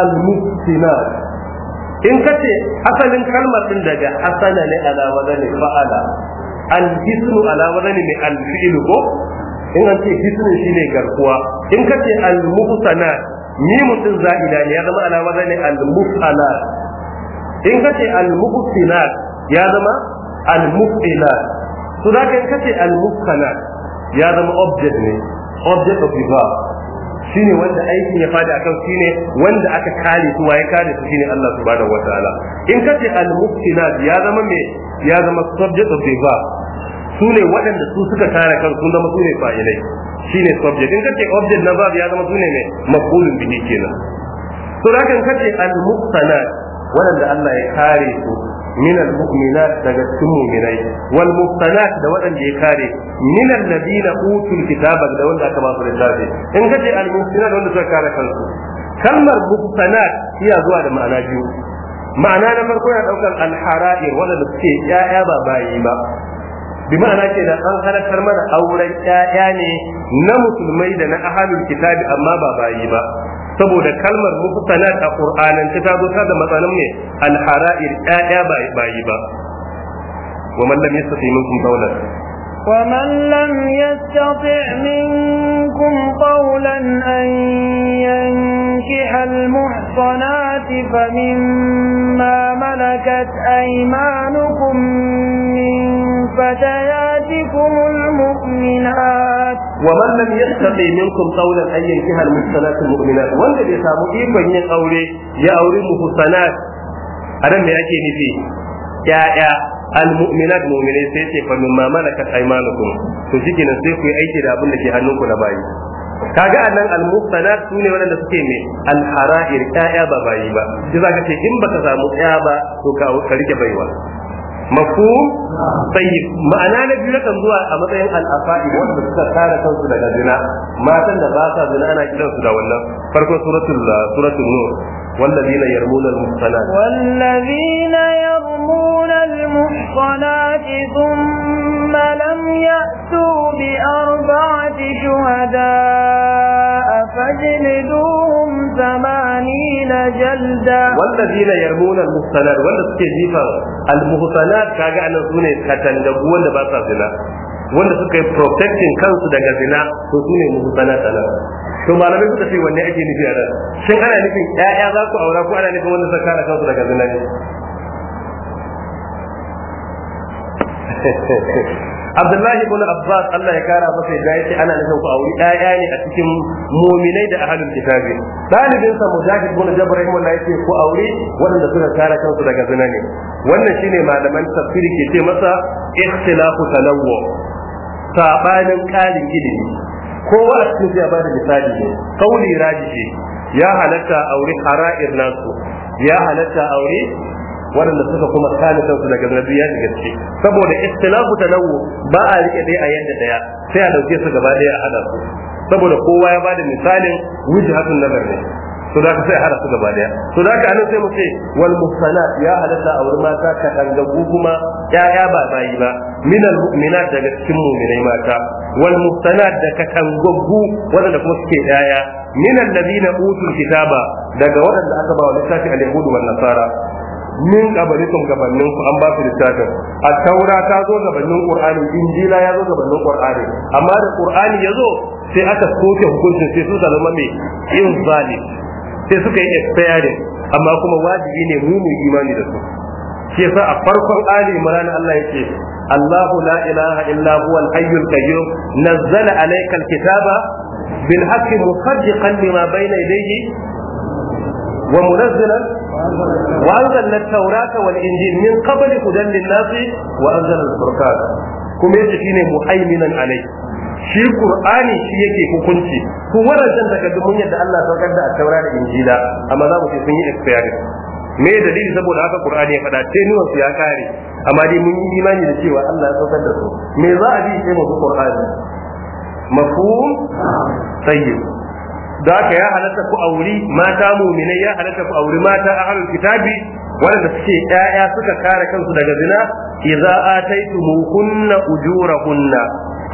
al muhsinat in ka ce asalin kalmar din daga asala ne ala wadani fa'ala al ismu ala wadani ne al fi'lu ko in an ce shi shine garkuwa in ka ce al muhsana ni mutun za'ida ne ya zama alama zai ne al mufala in ka ce al muhsina ya zama al mufila to da kai ka ce al mufsana ya zama object ne object of the verb shine wanda aikin ya fada akan shine wanda aka kare su waye kare su shine Allah subhanahu wataala in ka ce al mufsina ya zama me ya zama subject of the verb su ne waɗanda su suka kare kan sun zama su ne fa'ilai shi ne subject in kace object na verb ya zama su ne mai mafulun bihi kenan to da kan kace al-muqsanat waɗanda Allah ya kare su min al-mu'minat daga cikin mu'minai wal muqsanat da waɗanda ya kare min ladina utul kitaba da wanda aka ba su littafi in kace al-muqsanat wanda suka kare kansu kalmar muqsanat iya zuwa da ma'ana biyu ma'ana na farko ya daukar al-hara'ir wanda suke ya'ya ba bayi ba بمعنى كده أن هذا كرمان أولا يعني نموت الميدة أهل الكتاب أما بابا يبا سبو ده كلمة مفتنة القرآن كتاب هذا مثلا من الحرائر آية بابا يبا ومن لم يستطع منكم قولا ومن لم يستطع منكم قولا أن ينكح المحصنات فمما ملكت أيمانكم من فتياتكم المؤمنات ومن لم يستطع منكم قولا ان ينكح المحصنات المؤمنات wanda bai samu يقولي yin aure ya auri muhsanat a nan يا ake nufi ya'ya almu'minat mu'minai sai ce fa mimma malakat aymanukum to shikenan sai ku aiki da abin ke hannunku na bayi kaga anan al-muhsanat sune wanda suke ne al-hara'ir ƴaƴa ba bayi ba sai zaka ce in baka samu ƴa ba to ka rike baiwa مفهوم نعم. طيب ما انا نبي لك ان زوال اما طيب ان افاقي وانت تتكار كنت لك زنا ما تنى باسا زنا انا كلا سدى ولا فرقوا سورة الله سورة النور والذين يرمون المحصنات والذين يرمون المحصنات ثم لم يأتوا بأربعة شهداء فاجلدوهم ثمانين جلدة والذين يرمون المحصنات ولا سكيفا المحصنات كاجا أنا سوني كتن دبوا لباسا زنا wanda suka yi kansu daga zina to su to malamai suka ce wanne ake nufi a nan shin ana nufin ƴaƴa za ku aura ko ana nufin wanda suka kare kansu daga zina ne Abdullahi ibn Abbas Allah ya kara masa ya yace ana nufin ku auri ɗaya ne a cikin mu'minai da ahlul kitabi dalibin sa Mujahid ibn Jabr Allah yace ku auri wanda suka tara kansu daga zina ne wannan shine malaman tafsiri ke ce masa ikhtilafu talawwu sabanin kalin ilimi kowa a cikin ya bada misali ne kauli rajiji ya halatta aure ara'ir nasu ya halatta aure waɗanda suka kuma kame kansu daga ya da gaske saboda istilahu tanawu ba a rike dai a yadda daya sai a dauke su gaba daya a hada su saboda kowa ya bada misalin wujhatun nazar ne to da sai hada su gaba daya to da ka sai mu ce wal muhsanat ya halatta a wurin mata ka dangagu kuma ya ba bayi ba minal mu'minat daga cikin mu'minai mata wal muhsanat da ka dangagu waɗanda kuma suke daya min alladhina utul kitaba daga waɗanda aka ba wa littafi al-yahud wal nasara min qabalikum gabanin ku an ba su littafin at-taura ta zo gabanin qur'ani injila ya zo bannin qur'ani amma da qur'ani ya zo sai aka soke hukuncin sai suka zama mai in zalim sai suka yi expiring amma kuma wajibi ne mu mu imani da su Ke sa a farkon ali imran Allah yake الله لا إله إلا هو الحي القيوم نزل عليك الكتاب بالحق مصدقا لما بين يديه ومنزلا وأنزلنا التوراة والإنجيل من قبل هدى للناس وأنزل الفرقان كما يتكيني مهيمنا عليه shi qur'ani shi yake hukunci ku wadannan daga dukkan yadda Allah saukar da taura da injila amma za mu ce sun yi expired me dalili saboda haka qur'ani ya fada ce niwan su ya kare amma dai mun yi imani da cewa Allah ya saukar da su me za a bi sai mu qur'ani mafhum tayyib da haka ya halatta ku auri mata muminai ya halatta ku auri mata a ahlul kitabi Wadanda suke ɗaya suka kare kansu daga zina idza ujura kunna.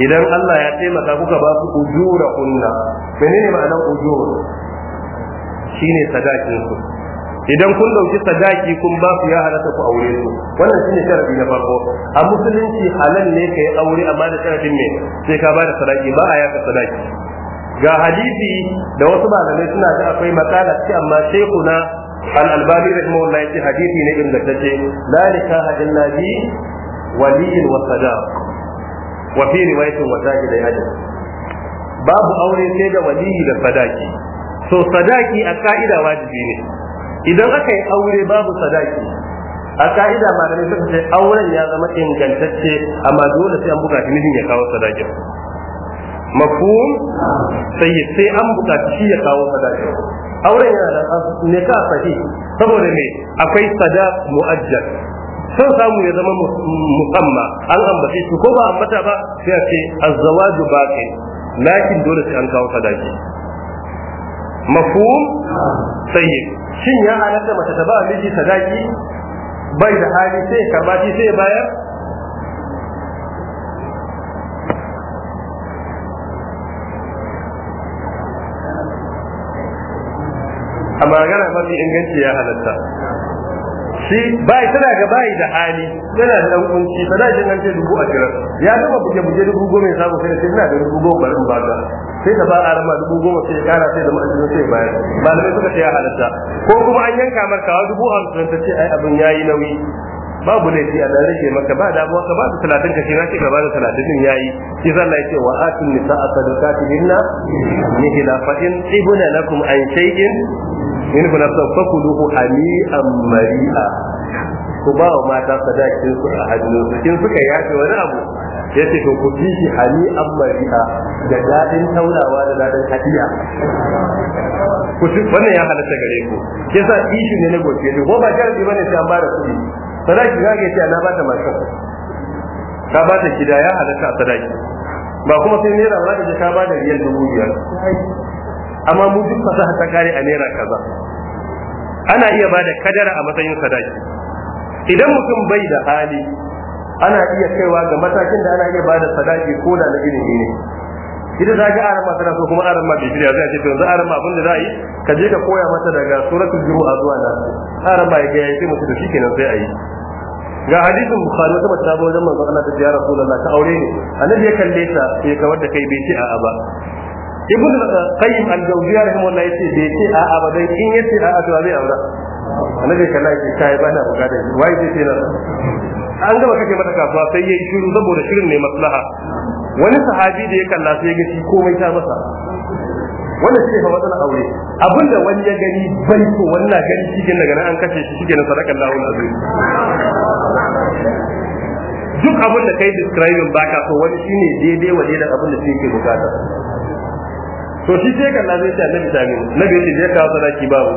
idan Allah ya taimaka kuka ba su kunna. menene ma'anar ujur shine sadakin su idan kun dauki sadaki kun ba su ya halatta ku aure su wannan shine sharadi na farko a musulunci halal ne kai aure amma da sharadin ne sai ka ba da sadaki ba a yaka sadaki ga hadisi da wasu malamai suna da akwai matsala ce amma shekuna al-albani wallahi ce hadisi ne ingantacce la lalika illa nabi waliyin wa sadaq wa fi riwayatin wa zahida yadin babu aure sai da waliyi da sadaki so sadaki a ka'ida wajibi ne idan aka yi aure babu sadaki a ka'ida malamai suka ce auren ya zama ingantacce amma dole sai an buƙaci mijin ya kawo sadakin mafhum sai sai an buƙaci ya kawo sadaki auren yana da ne ka sahi saboda me akwai sadaq mu'ajjal San samu ya zama musamma an ambace shi ko ba ambata ba sai a ce azzawaju baqi lakin dole sai an kawo sadaki mafhum sai shin ya halatta mace ta ba miji sadaki bai da hali sai karba shi sai bayar a magana mafi inganci ya halatta shi bai tana ga bai da hali yana da dan kunci ba da jin an ce dubu a jira ya gaba buje buje dubu goma ya samu sai ina da dubu goma bari in sai ta fara arama dubu goma sai ya kara sai da ma'ajin sai bayar malamai suka ce ya halatta ko kuma an yanka markawa dubu hamsin ta ce ai abin yayi nauyi babu laifi a dan rage maka ba damuwa ka ba da talatin ka kira ka ba da talatin din yayi shi zalla yake wa atun nisa'a sadaqatihinna nihila fa in ibuna lakum an shay'in in kuna son fakuluhu hani'an mari'a ku ba wa mata sadakin su a hannun su kin suka yafe wani abu ya ce to ku bi shi hani'an mari'a da dadin taurawa da dadin hadiya ku ci wannan ya halatta gare ku Ke sa ishi ne na gobe ko ba sharadi bane sai an ba da kuɗi sadaki za ka ce na ba ta mashin ka ba ta gida ya halatta a sadaki ba kuma sai naira za da je ka ba da riyal dubu biyar amma mu duk fasaha ta kare a naira kaza ana iya ba kadara a matsayin sadaki idan mutum bai da hali ana iya kaiwa ga matakin da ana iya bada sadaki ko da na ilimi ne idan za ga arama tana so kuma arama ma bai shirya zai ce yanzu arama abin da za yi ka je ka koya mata daga suratul jumu'a zuwa na aran ma ya ga yayi sai mutum da kenan sai a yi ga hadisin bukhari wata mace ta zo wajen manzon Allah ta ji ya rasulullah ta aure ne annabi ya kalle ta ya kawar da kai bai ci a ba ibnu uh, qayyim al-jawziya rahimahullah yace bai ce a ba dan in yace A to zai aura annabi kalla yake kai ba na bukata wai zai ce na an gaba kake mata kasuwa sai yayi shiru saboda shirin ne maslaha wani sahabi da ya kalla sai ya ga shi komai ta masa wanda shi fa matsalar aure abinda wani ya gani bai so wannan gani cikin daga nan an kashe shi cikin sadakar lahul azim duk abin da kai describing baka so wani shine daidai wa da abin da shi ke bukata to shi sai kan lazai sai annabi tabi gani nabi shi zai kawo sadaki babu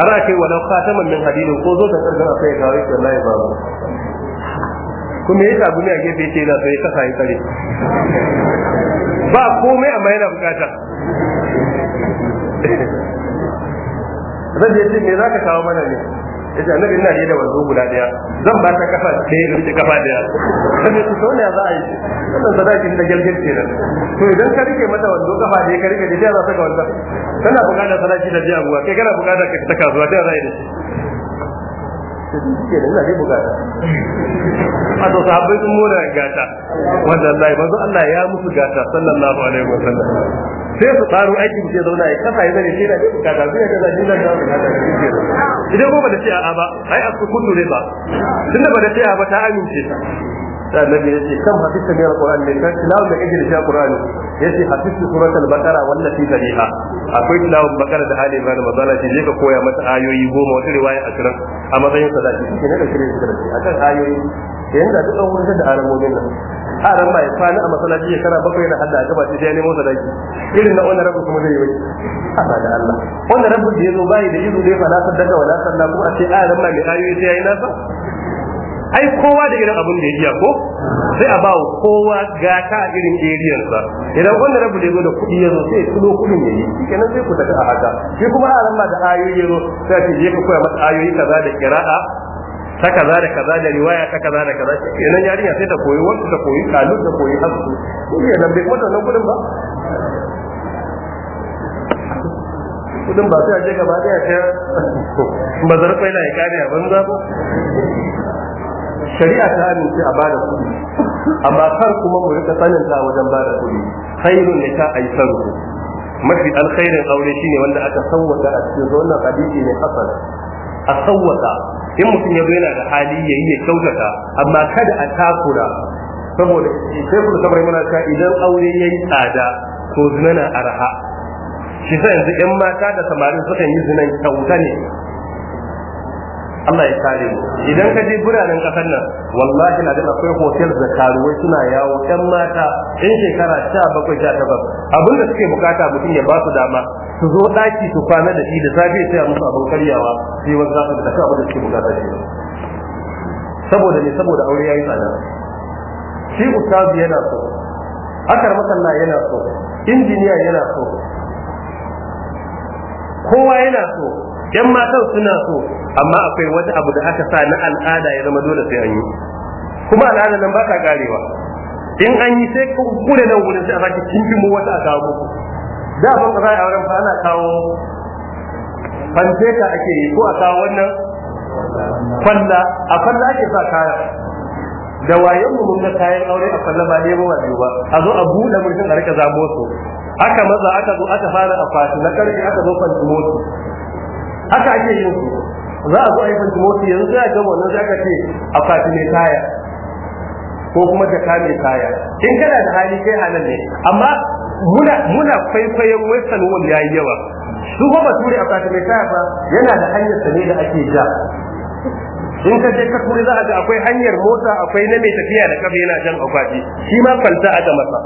har a kai walau khataman min hadidin ko zo ta karkar a kai kawo yake wallahi babu kuma yasa abu ne a gefe ce na sai kasa yi kare ba komai amma yana bukata zan je ce me za ka kawo mana ne yace annabi ina da wanzu guda daya zan ba ta kafa daya da ta kafa daya sai ku so ne za a yi wannan sadakin da gelgel ce da to idan ka rike mata wanzo kafa daya ka rike da za ta ga wannan kana bukatar sadaki da jiya buwa kai kana bukatar ka ta kasuwa da za a yi to duk ke da ina dai a to sahabbai sun mona gata wallahi manzo Allah ya musu gata sallallahu alaihi wa sallam, sai su tsaro aikin sai zauna ya kafa ya zane shi da bukata sai ka zaji nan da bukata idan ko ba da ce a'a ba ai a su kullu ne ba tunda ba da ce a'a ba ta amince da annabi ya ce kam hafizta min alquran ne kan tilawar da kake da shi alqurani ya ce hafizta surat albaqara wallati gariha akwai tilawar bakara da ali ibrahim mazala ce ka koya mata ayoyi goma wata riwaya ashirin a matsayin sadaki shi ne da kire shi akan ayoyi yanzu da duk an wurin da alamomin nan haram mai fani a masallaci ya kara bakwai da Allah gaba sai ya nemo sadaki irin na wannan rabu kuma zai yi amma da Allah wannan rabu da yazo bai da izu dai fa la sadaka wala sallah kuma a ce aran mai ayoyi sai yayi nasa ai kowa da irin abin da ya iya ko sai a bawa kowa gata a irin eriyarsa idan wanda rabu da ya zo da kuɗi ya zo sai ya tulo kuɗin ya yi shi kenan sai ku tafi a haka shi kuma a ran da ayoyi ya zo sai a ce je ka koya masa ayoyi kaza da kira'a ta kaza da kaza da riwaya ta kaza da kaza kenan yarinya sai ta koyi wasu ta koyi kalu ta koyi hasu shi nan bai kwata nan kuɗin ba kudin ba sai a je gaba daya ta <laughs> bazar kwaila ya kare a banza ba shari'a ta amince a bada kuɗi amma kar kuma mu rika ta wajen bada kuɗi khairun nika aisaru mafi alkhairin aure shine wanda aka sawwaka a cikin wannan hadisi ne hasan a sawwaka in mutum ya yana da hali ya yi ya kyautata amma kada a takura saboda sai kuma kamar muna ka, idan aure ya yi tsada to zina na arha shi sai yanzu 'yan mata da samarin sukan yi zinan kyauta ne Allah ya kare mu idan ka je biranen kasar nan wallahi na da akwai hotel da karuwai suna yawo ɗan mata in shekara 17 18 abin da suke bukata mutum ya ba su dama su zo daki su kwana da shi da safe sai a musu abin karyawa sai wanda za su da abin da suke bukata shi saboda ne saboda aure yayi tsada shi ustazu yana so akar masalla yana so injiniya yana so kowa yana so yan matan suna so amma akwai wani abu da aka sa na al'ada ya zama dole sai an yi kuma al'ada nan ba ta karewa in an yi sai kure nan wurin sai a sake mu wata a kawo da ban ka sai a wurin fa ana kawo fanteka ake yi ko a kawo wannan falla a falla ake sa kaya da wayan mu mun ga kayan aure a falla ba ne ba wa ba a zo a bude mutum a rika zabo su aka maza aka zo aka fara akwati na karfe aka zo fanti motsi haka ake yin su za a zo a yi motsi, yanzu za a gama wannan za ka ce fati mai kaya ko kuma jaka mai kaya in kana da hali kai halal ne amma muna muna kwaikwayon western world yayi yawa su ba a fati mai kaya ba yana da hanyar sa ne da ake ja in ka je ka turi za a ga akwai hanyar mota akwai na mai tafiya da kafa yana jan akwati shi ma kwalta ga masa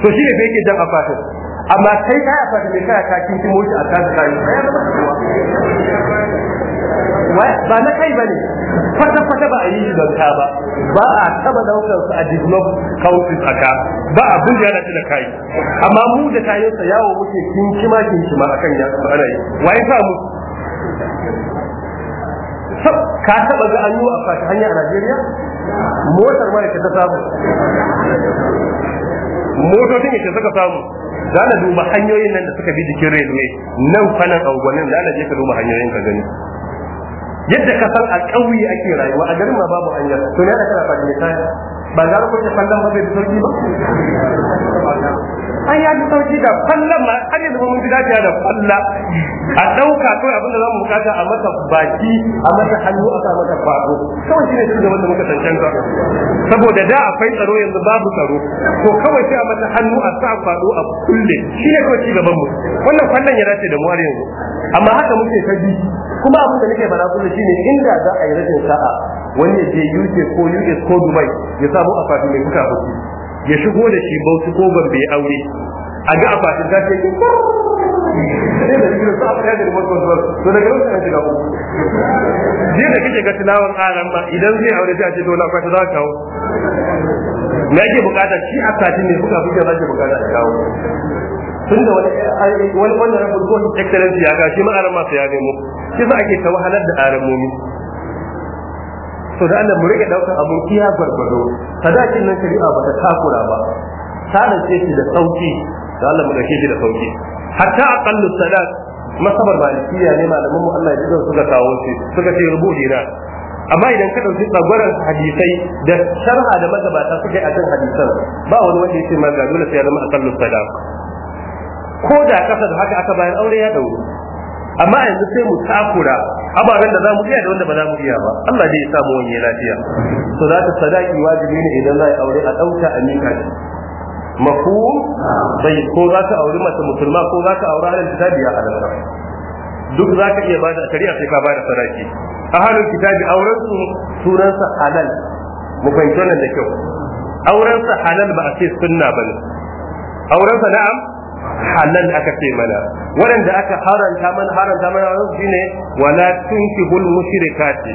to shi ne yake jan akwatin amma kai ka fati mai kaya ka kin kimo shi a kan kai ba na kai ba ne? Fata fata ba a yi shi ba ba a taba daukar su a develop countries ka. ba abin da yana ci da kai amma mu da kayan sa yawo muke kin kima kin kima akan ya ana yi wa sa mu ka taba ga an yi a fata hanya a Najeriya motar ma ta samu motocin yake suka samu za na duba hanyoyin nan da suka bi jikin railway nan fanan angonin za na je ka duba hanyoyin ka gani yadda ka alƙawuyi a ƙauye ake rayuwa a garin ma babu hanyar to ne da kana fadi misali ba za ku ce kallon ba zai sauki ba an ya ji sauki da kallon ma an yi zama mun gida da kalla a ɗauka kawai abinda za mu bukata a mata baki a mata hannu a sa mata faɗo kawai shi ne shi gaban da muka cancanta saboda da akwai tsaro yanzu babu tsaro to kawai sai a mata hannu a sa faɗo a kulle shi ne kawai shi gaban mu wannan kallon ya dace da mu har yanzu amma haka muke ta bi kuma abin da nake fara kullum shine inda za a yi rashin sa'a wani ya je UK ko US ko Dubai ya samu akwatin mai fuka ku? ya shigo da shi bautu ko gombe ya aure a ga akwatin ta ce ne da cikin sa aka da remote control to daga nan sai shiga uku je da kike ga tilawan aran ba idan zai aure sai a ce dole akwai za ka kawo me yake bukata shi akwatin ne fuka fuki zai ki bukata ka kawo tunda wani wani wannan rabu ko excellence ya ga shi ma aran ma sai ya nemo shi sa ake ta wahalar da aran momi to da Allah mu rike daukar abun iya gwargwado sadakin nan shari'a ba ta takura ba ta ce shi da sauki da Allah mu dake shi da sauki hatta aqallu sadak masabar ba ne malaman mu Allah ya ji suka kawo shi suka ce rubu dinar amma idan ka dauki tsagwaran hadisai da sharha da magabata suka yi a kan hadisan ba wani wanda ya ce ma ga dole sai ya zama aqallu sadaq ko da kasa da haka aka bayar aure ya dauro amma yanzu sai mu takura ababen da za mu iya da wanda ba za mu iya ba Allah zai ya mu wani lafiya to za ta sadaki wajibi ne idan za a aure a dauka a nika shi mafhum bai ko za ka aure mata musulma ko za ka aure halin kitabi ya halatta duk za ka iya bada shari'a sai ka bada sadaki a halin kitabi auren su sa halal mu fahimci wannan da kyau auren sa halal ba a ce sunna ne. auren sa na'am halal aka ce mana waɗanda aka haranta mana haranta mana ne wala hul mushrikati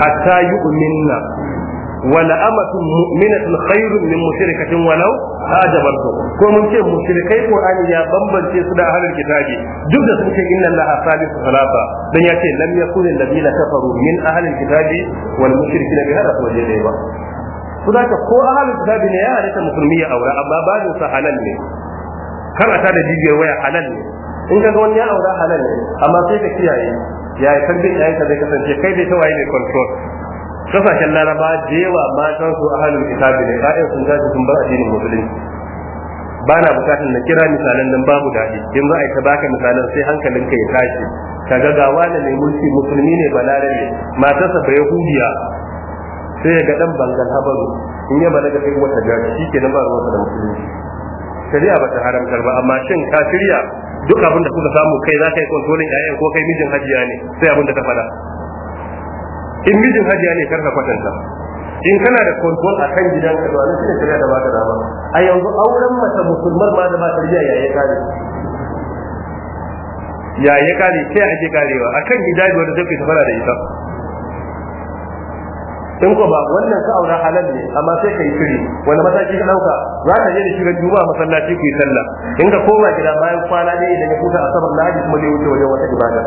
hatta yu'minna wala amatu mu'minatun khairun min mushrikatin walau ajabantu ko mun ce mushrikai qur'ani ya bambance su da ahlul kitabi duk da sun ce inna allaha salisu salafa dan ya ce lam yakun alladhina kafaru min ahlil kitabi wal mushrikina bi hada waje dai ba ko ahlul kitabi ne ya halitta musulmi ya aura amma bajin sa halal ne kar a tada jijiyar waya halal ne in ka ga wani ya aura halal ne amma sai ka kiyaye ya yi kan bin yayin zai kasance kai dai ta waye ne control kasashen laraba da yawa matan su a ahalul kitabi ne ka'in sun gaji sun bar addinin musulunci ba na bukatar na kira misalan nan babu daɗi in za a yi ta baka misalan sai hankalin ka ya tashi ka ga gawa da mai mulki musulmi ne balarabe matarsa ba yahudiya sai ya ga dan bangal habaru in ya ga sai wata jaji shi ke nan ba ruwansa da musulunci shari'a ba ta haramtar ba amma shin ka shirya duk abin da kuka samu kai za ka yi kontrolin ƴaƴan ko kai mijin hajiya ne sai abin da ka faɗa in mijin hajiya ne karka kwatanta in kana da control a kan gidan ka zuwa shi ne shari'a da baka dama a yanzu auren mace musulmar ba da ba ta ya ya kare Yaya kare sai a je karewa akan hijabi wanda zai fara da ita in ko ba wannan ka aure halal ne amma sai kai shiri wani mataki ka dauka za ka je da shirin juma masallaci ku yi sallah in ka koma gida bayan kwana ne idan ka huta asabar lahadi kuma zai wuce wajen wata ibada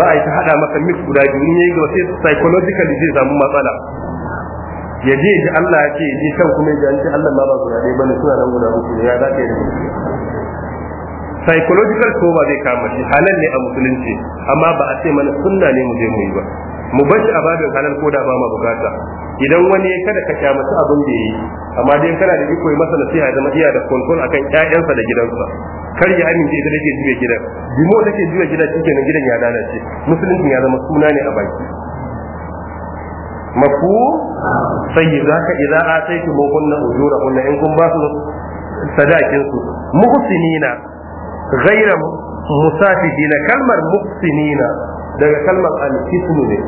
za a yi ta hada maka mix guda biyu in yayi gaba sai psychologically zai samu matsala ya je Allah ya ce ji kan kuma ya ji Allah ma ba guda ɗaya bane suna nan guda uku ya za ka yi psychological coma zai kama shi halal ne a musulunci amma ba a ce mana sunna ne mu je mu yi ba mu bar shi a babin halal ko da ba ma bukata idan wani ya kada ka masa abin da yi amma dai kana da iko masa nasiha zama iya da control akan ƴaƴansa da gidansa kar ya amince da take zube gidan bimo take zube gidan shi kenan gidan ya lalace musulunci ya zama suna ne a baki mafu sai zaka idan a sai ki mu ujura kunna in kun ba su sadakin su muhsinina غير musafihina kalmar muhsinina daga kalmar al-hisnu ne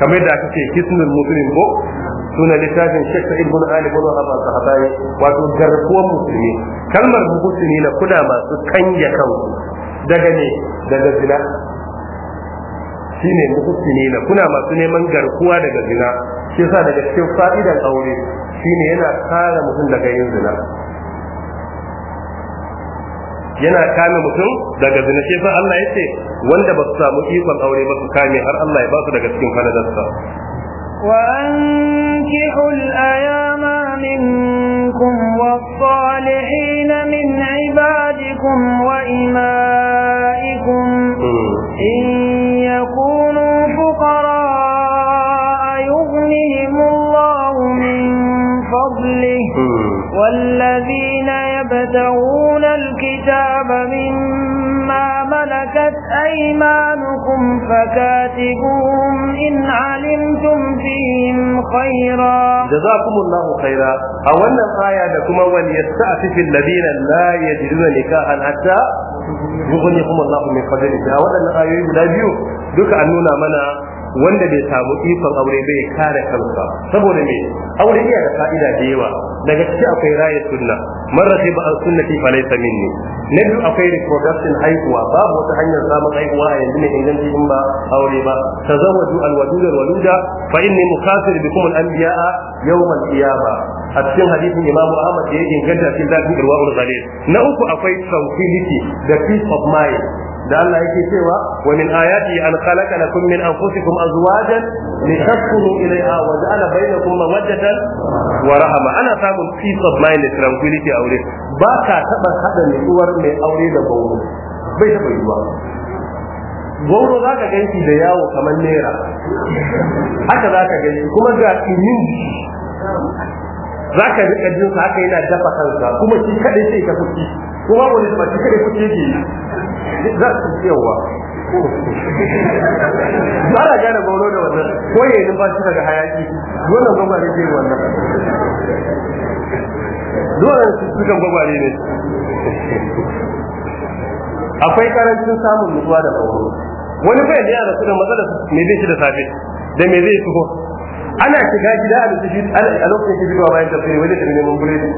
kamar da aka ce hisnul muslim ko suna littafin Sheikh بن bin Ali bin Abba Sahabai wato garkuwar musulmi kalmar musulmi na kuna masu ده kanku daga ne shine musulmi na kuna masu neman garkuwa daga zina shi yasa daga cikin fa'idan aure shine yana kare mutum daga yin zina yana kame mutum daga zina shi yasa Allah ya ce wanda ba su samu ikon aure ba su kame har Allah ya ba su daga cikin faladarsa وأنكحوا الأيام منكم والصالحين من عبادكم وإمائكم إن يكونوا فقراء يغنهم الله من فضله والذين تبتغون الكتاب مما ملكت أيمانكم فكاتبوهم إن علمتم فيهم خيرا جزاكم الله خيرا أولا آية لكم وليستعفف الذين لا يجدون نكاحا حتى يغنيهم الله من فضله أولا آية guda biyu duka an منا mana wanda bai samu ikon aure bai kare kansa saboda me aure yana da fa'ida da yawa daga ciki akwai raya sunna man ba an sunnati fa laysa minni na biyu akwai reproduction haihuwa babu wata hanyar samun haihuwa a yanzu ne inganci in ba aure ba tazawwaju alwaduda alwaluda fa inni mukasir bikum al-anbiya'a yawm al-qiyamah a cikin hadisin Imam Ahmad da ya inganta cikin zafin irwa ul na uku akwai tranquility da peace of mind da Allah yake cewa wa min ayati an khalaqa lakum min anfusikum azwajan litaskunu ilayha wa ja'ala bainakum mawaddatan wa rahma ana samun peace of mind tranquility aure ba ka taba hada uwar mai aure da gauro bai taba ba. gauro za ka ganki da yawo kamar nera haka za ka ganshi kuma ga immune za ka rika jin sa haka yana dafa kansa kuma shi kaɗai sai ka ko kuma wani ba shi kaɗai kuci ke za su cewa ba na gane gauro da wannan ko ya yi shi daga hayaki dole gwagware ke wannan dole su sukan gwagware ne akwai karancin samun nutsuwa da gauro wani bai da yara su da matsalar me zai shi da safe da me zai ko. ana shiga gida a lokacin a lokacin shi zuwa bayan tafsiri wajen da neman buredi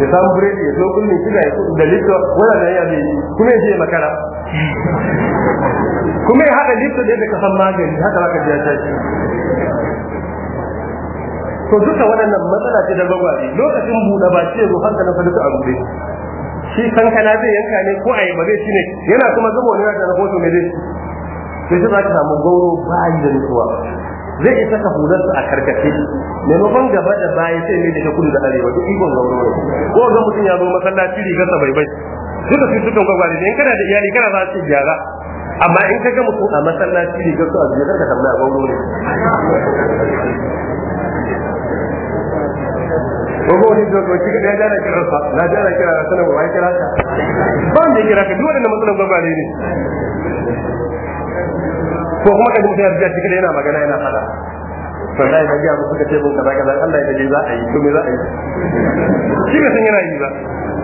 ya samu buredi ya zo kullum kina ya kudu da lifto wannan da ya yi kuma ya je makara kuma ya haɗa lifto da yadda ka san magani haka za ka biya tashi to duka waɗannan matsala ce da gwagware lokacin buɗe ba ce zo hankali na duka a rubuce shi kankana zai yanka ne ko a yi ba zai shi ne yana kuma zama wani yana da rahoto mai zai sai ta za ka samu gauro bayi da nutsuwa zai ka hular su a karkace maimakon gaba da baya sai ne daga ta kudu da arewa duk ikon gauro ko ga mutum ya zo masallaci rigarsa bai bai da su sukan gwagware in kana da iyali kana za su gyara amma in ka ga mutum a masallaci rigarsa a zuwa ka tambaya gauro ne gogo wani dogo shi ga ya kira sa na jara kira na sanar wa kira sa. ba wanda ya kira ka duk wanda matsalar gwagware ne ko kuma ka mutum yarda cikin yana magana yana fada dai na gaya suka ce mun kaza kaza Allah ya ji za a yi to me za a yi shi ne san yana yi ba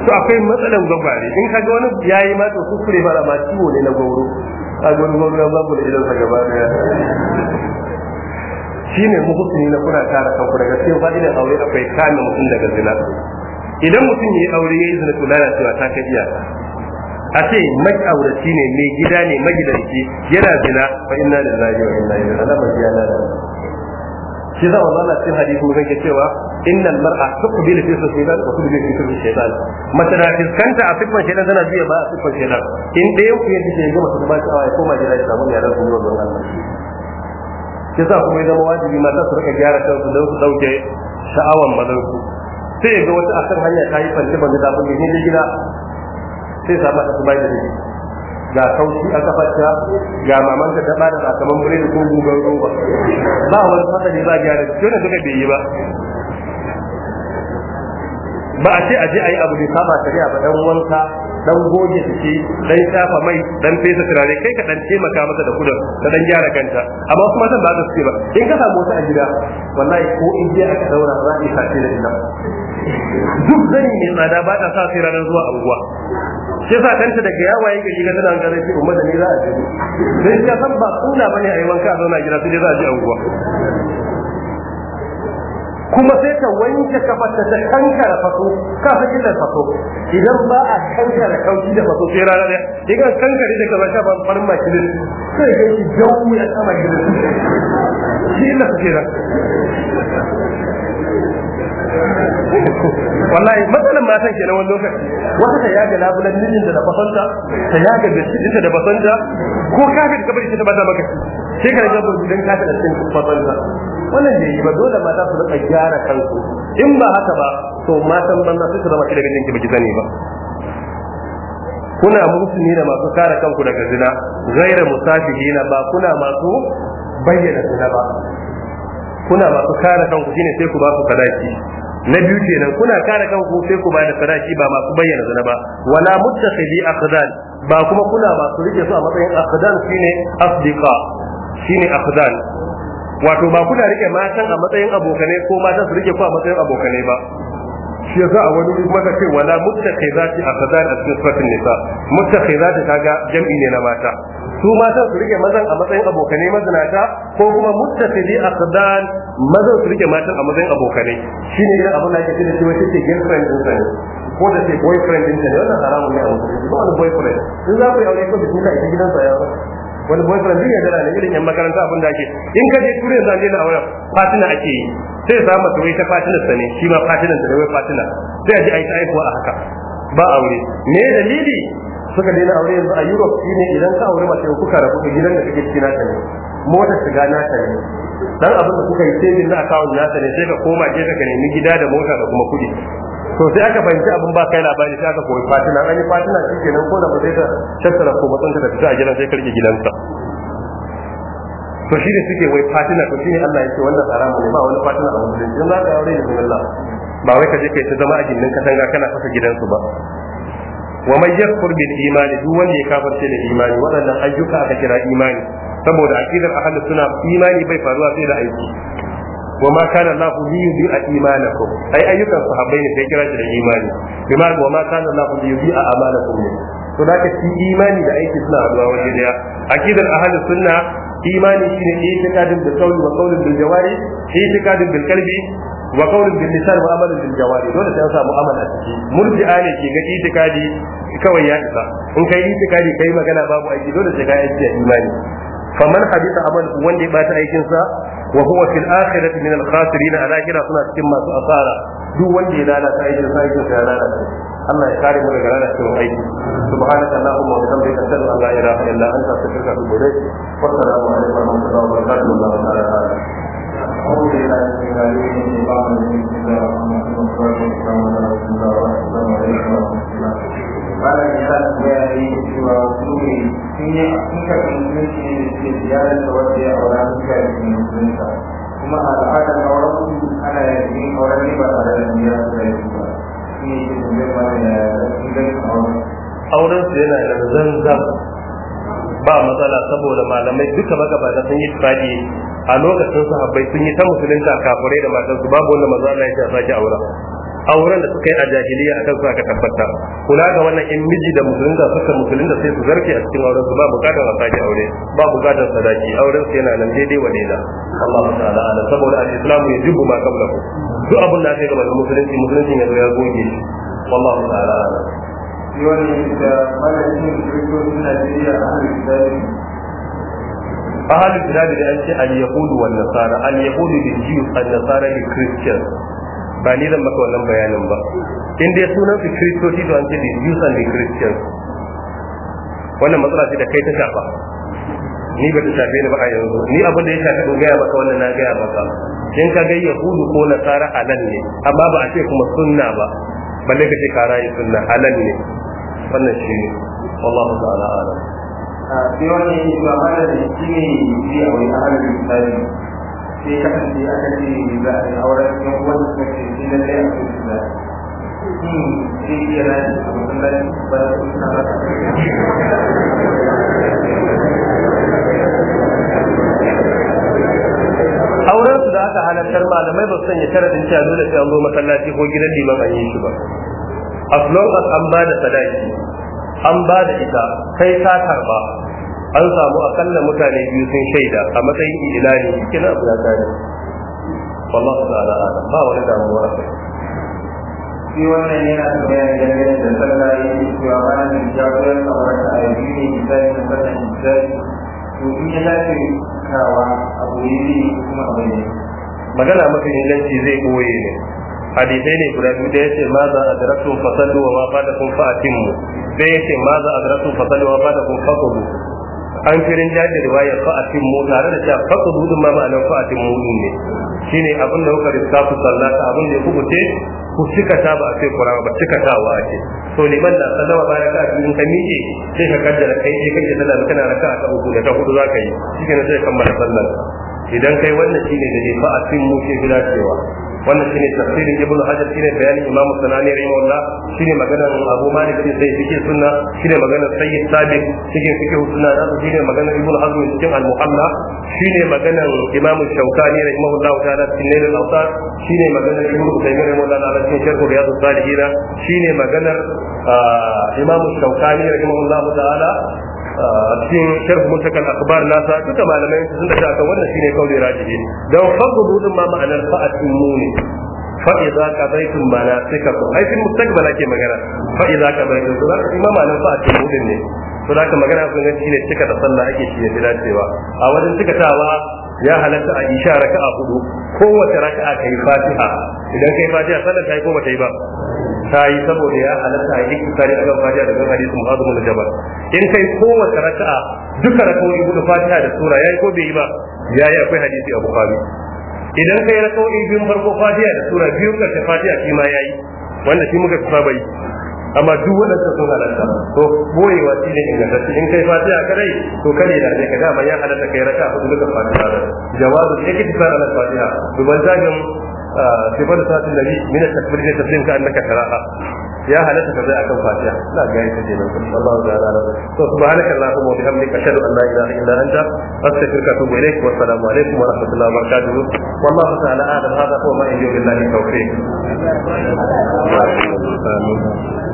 to akwai matsalan gwagware in ka ga wani yayi ma to kuskure ba ma ciwo ne na gauro a gwani ba ya babu da idan sa gaba daya shi ne muhusini na kuna tara kanku daga cikin ina aure akwai kame mutum daga zina idan mutum ya yi aure ya yi zina to lalacewa ta kai iyaka a ce mai ne mai gida ne magidanci yana zina fa inna lillahi wa inna ilaihi raji'un ya lada shi za mu zana cikin hadisi mun ke cewa innal mar'a tuqbil fi sabilillah wa tuqbil fi sabilillah shaytan mata na fiskanta a sifan shaytan tana biya ba a sifan shaytan in da yau ya ce ga masu ba ta ya koma gida ya samu yaran su ruwan Allah shi kuma ya zama wajibi mata su rika gyara kansu don su dauke sha'awan mazan sai ga wata akan hanya ta yi fanti ban da abin da gida sai da ta bai da shi ga kauci a kafarta ga maman ta bada da ba kaman bure da ko gugan roba ba wani hatsari ba gyara dole duka bai yi ba ba a ce a je a yi abu bai saba shari'a ba dan wanka dan goge ke dan shafa mai dan fesa turare kai ka dan taimaka masa da kudin da dan gyara kanta amma wasu matan ba za su ce ba in ka samu wata a gida wallahi ko in je aka daura za a yi sace da ina duk zani mai tsada ba ta sa sai ranar zuwa anguwa sai sa kanta daga yawa yake shiga tana ga sai umma da ni za a je sai ya san ba na bane yi wanka a zauna gida sai za a je anguwa kuma sai ta wanke kafarta ta kankara faso kafin illar faso idan ba a kankara kauci da faso sai rana ɗaya idan kankare da gaba sha ban farin makilin sai ga shi jawo ya sama gidan shi ina su kenan wallahi matsalan matan kenan wani lokaci wata ta yaga labulan nijin da basanta ta yaga bishidin da basanta ko kafin da kabari ba ta maka sai ka gabar gidan kafin da cikin basanta wannan da yi ba dole mata su rika gyara kansu in ba haka ba to matan banza su zama kida daga ki baki sani ba kuna musulmi da masu kare kanku daga zina gaira musafihina ba kuna masu bayyana zina ba kuna masu kare kanku shine sai ku ba su kadaki na biyu kenan kuna kare kanku sai ku ba da farashi ba masu bayyana zina ba wala muttakhidi aqdan ba kuma kuna ba su rike su a matsayin aqdan shine asdiqa shine aqdan wato ba kuna rike matan a matsayin abokane ko matan su rike ku a matsayin abokane ba shi yasa a wani kuma ka ce wala muttakhizati aqdan a cikin suratul nisa muttakhizati kaga jam'i ne na mata su matan su rike mazan a matsayin abokanai mazinata ko kuma muttasili aqdan mazan su rike matan a matsayin abokanai shine irin abin da ake cewa wace take girlfriend din sa ko da take boyfriend din sa ne wannan haramun ne a musulunci ba wani boyfriend in za ku yi aure ko da kuka ita gidan sa ya wani boyfriend din ya dara ne irin yan makaranta abin da ake in ka je kure zan je na auren fatina ake yi sai ya samu turai ta fatina sa ne shi ma fatina sa wai fatina sai a ji aika aikuwa a haka ba aure me dalili suka daina aure yanzu a Europe shine idan ka aure mace kuka rabu to gidan da kake cikin nata ne motar shiga ta ne dan abin da kuka yi sai saving na account nata ne sai ka koma je ka nemi gida da mota da kuma kudi to sai aka fahimci abin ba kai labari sai aka koyi fatina an yi fatina kenan ko da ba sai ta tattara ko batun ka fita a gidan sai karke gidansa to shi ne suke wai fatina to shi ne Allah ya ce wannan haramu ne ba wani fatina a musulunci in za ka aure da Allah ba wai ka je kai ta zama a gindin katanga kana fasa gidansu ba wa man yakfur bil imani duk wanda ya kafarce da imani waɗannan ayyuka aka kira imani saboda aqidar ahlus sunna imani bai faruwa sai da aiki bi yudi الله imanakum ai ayyuka sahabbai ne sai kira da imani bima wa ma kana Allah liyudi'a amalakum to da ka ci imani da aiki suna haduwa waje daya akidar ahli sunna imani shine i'tiqadin bil qawli wa qawlin bil jawari i'tiqadin bil qalbi wa qawlin bil lisan wa amalin bil jawari dole sai an samu amal a ciki murji'a ne ke ga i'tiqadi kawai ya isa in kai i'tiqadi kai magana babu aiki dole sai ka aiki a imani faman hadisa amal wanda ya bata aikin sa wa huwa fil akhirati min al khasirin ala kira suna cikin masu asara duk wanda ya lalata aikin sa Allah ya kare mu daga lalacewar aiki subhanaka allahumma wa bihamdika ashhadu an la ilaha illa anta astaghfiruka wa atubu ilayk wa assalamu alaikum wa rahmatullahi wa barakatuh wa ta'ala أعوذ بالله من الشيطان الرجيم بسم الله الرحمن الرحيم السلام عليكم ورحمة الله ya es hora a a auren su yana da zanzan ba matsala saboda malamai duka magabata sun yi tsaki a lokacin sahabbai sun yi ta musulunta kafirai da matansu babu wanda maza Allah a sake aura auren da suka yi a jahiliya akan su aka tabbata kula ga wannan in miji da musulun da suka da sai su zarfe a cikin auren su ba bukatar a sake aure ba bukatar sadaki auren su yana nan daidai wa daida Allah ta'ala ala saboda al-islamu ya jibu ma kabla ku duk abin da aka yi gaba musulunci musulunci ya zo ya goge shi wallahu ta'ala ala wani da malamin kiristocin Najeriya a hannun ahalin kitabi da an ce al-yahudu wa nasara al-yahudu bil jews an nasara bil christians ba ni zan maka wannan bayanin ba in dai sunan su kristoci to an ce the Jews and the Christians wannan matsala ce da kai ta shafa ni ba ta shafe ni ba a yanzu ni abin da ya shafi ko gaya maka wannan na gaya maka in ka ga yahudu ko nasara halal ne amma ba a ce kuma sunna ba balle ka ce Kara yi sunna halal ne wannan shi ne wallahu ta'ala alam sai wannan yake ba da shi ne yi a wani ahalin misali sai kasance aka ce a auren wanda suka ce na ɗaya ba shi ba da suna ba auren su da aka halartar malamai ba su sanya sharadin cewa dole sai an zo masallaci ko gidan liman an yi shi ba as long as an ba da sadaki an ba da ita kai ka karba an samu akalla mutane biyu sun shaida a matsayin ilani cikin abu ya kare wallahu ta'ala alam ba wani damuwa shi wannan yana tambaya dangane da sallah yake cewa bana da jagoran da a yanzu ne misali na sallah misali to in ya dace kawa abu ne ne kuma abu ne magana mafi lalle zai koye ne hadisai ne guda biyu da yace ma za a daratu fasalu wa ma da kun fa'atimu sai yace ma za a daratu fasalu wa ma da kun faqulu an firin jaji riwayar fa'atin mu tare da cewa fasa dudun ma ma'anar fa'atin mu ne Shi ne abin da kuka riska ku sallata abin da ku kuce ku cika ta ba a ce kura ba cika ta wa ake to liman na ba baya ka cikin ka miƙe sai ka kaddara kai kai da sallah kana raka ta uku da ta hudu ka yi ne sai kammala sallar idan kai wannan shi ne da ne fa'atin mu ke gudacewa wannan shine tafsirin ibnu hajar shine bayanin imamu sanani rahimahullah shine maganar abu malik bin sai cikin sunna shine maganar sayyid sabiq cikin fiqh sunna da shine maganar ibnu hazm cikin al-muhalla shine maganar imamu shaukani rahimahullah ta'ala cikin nail al-awsat shine maganar ibnu taymiyyah rahimahullah ta'ala cikin sharh riyadus salihin shine maganar ah, imamu shaukani rahimahullah ta'ala cikin sharh muntakal akhbar nasa duka malamai sun da shaka wannan shine kauli rajihi dan fa'idu din ma ma'anar fa'atimu ne fa idza qadaytum manasikakum ai fil mustaqbal ake magana fa idza qadaytum to ma imama nan fa'atimu ne to da magana sun ganci ne cika da sallah ake shi ya fi dacewa a wajen cikatawa ya halatta a isha raka'a hudu kowace raka'a kai fatiha idan kai fatiha sallar ta yi ko bata yi ba ta yi saboda ya halatta a yi iktisari akan fatiha daga hadisi muhammadu bin jabal in kai kowace raka'a duka raka'o'i hudu fatiha da sura yi ko bai yi ba ya yi akwai hadisi a bukhari idan kai raka'o'i biyun farko fatiha da sura biyun karshe fatiha shi ma yi wanda shi muka saba yi amma duk wadanda sun halatta to boyewa shi ne ingantacce in kai fatiha kadai to kare da ne ka dama ya halatta kai raka hudu duka fatiha da jawabu ne kike fara na fatiha to ban zagin ah, sifar da nabi min at-takbir ne tafsirin ka annaka tara'a ya halatta ka zai akan fatiha la ga yake ce nan Allah ya rara to subhanaka allahumma wa bihamdika ashhadu an la ilaha illa anta astaghfiruka wa atubu ilaik wa assalamu alaikum wa rahmatullahi wa barakatuh wallahu ta'ala a'lam hadha wa ma yuridu billahi tawfiq Thank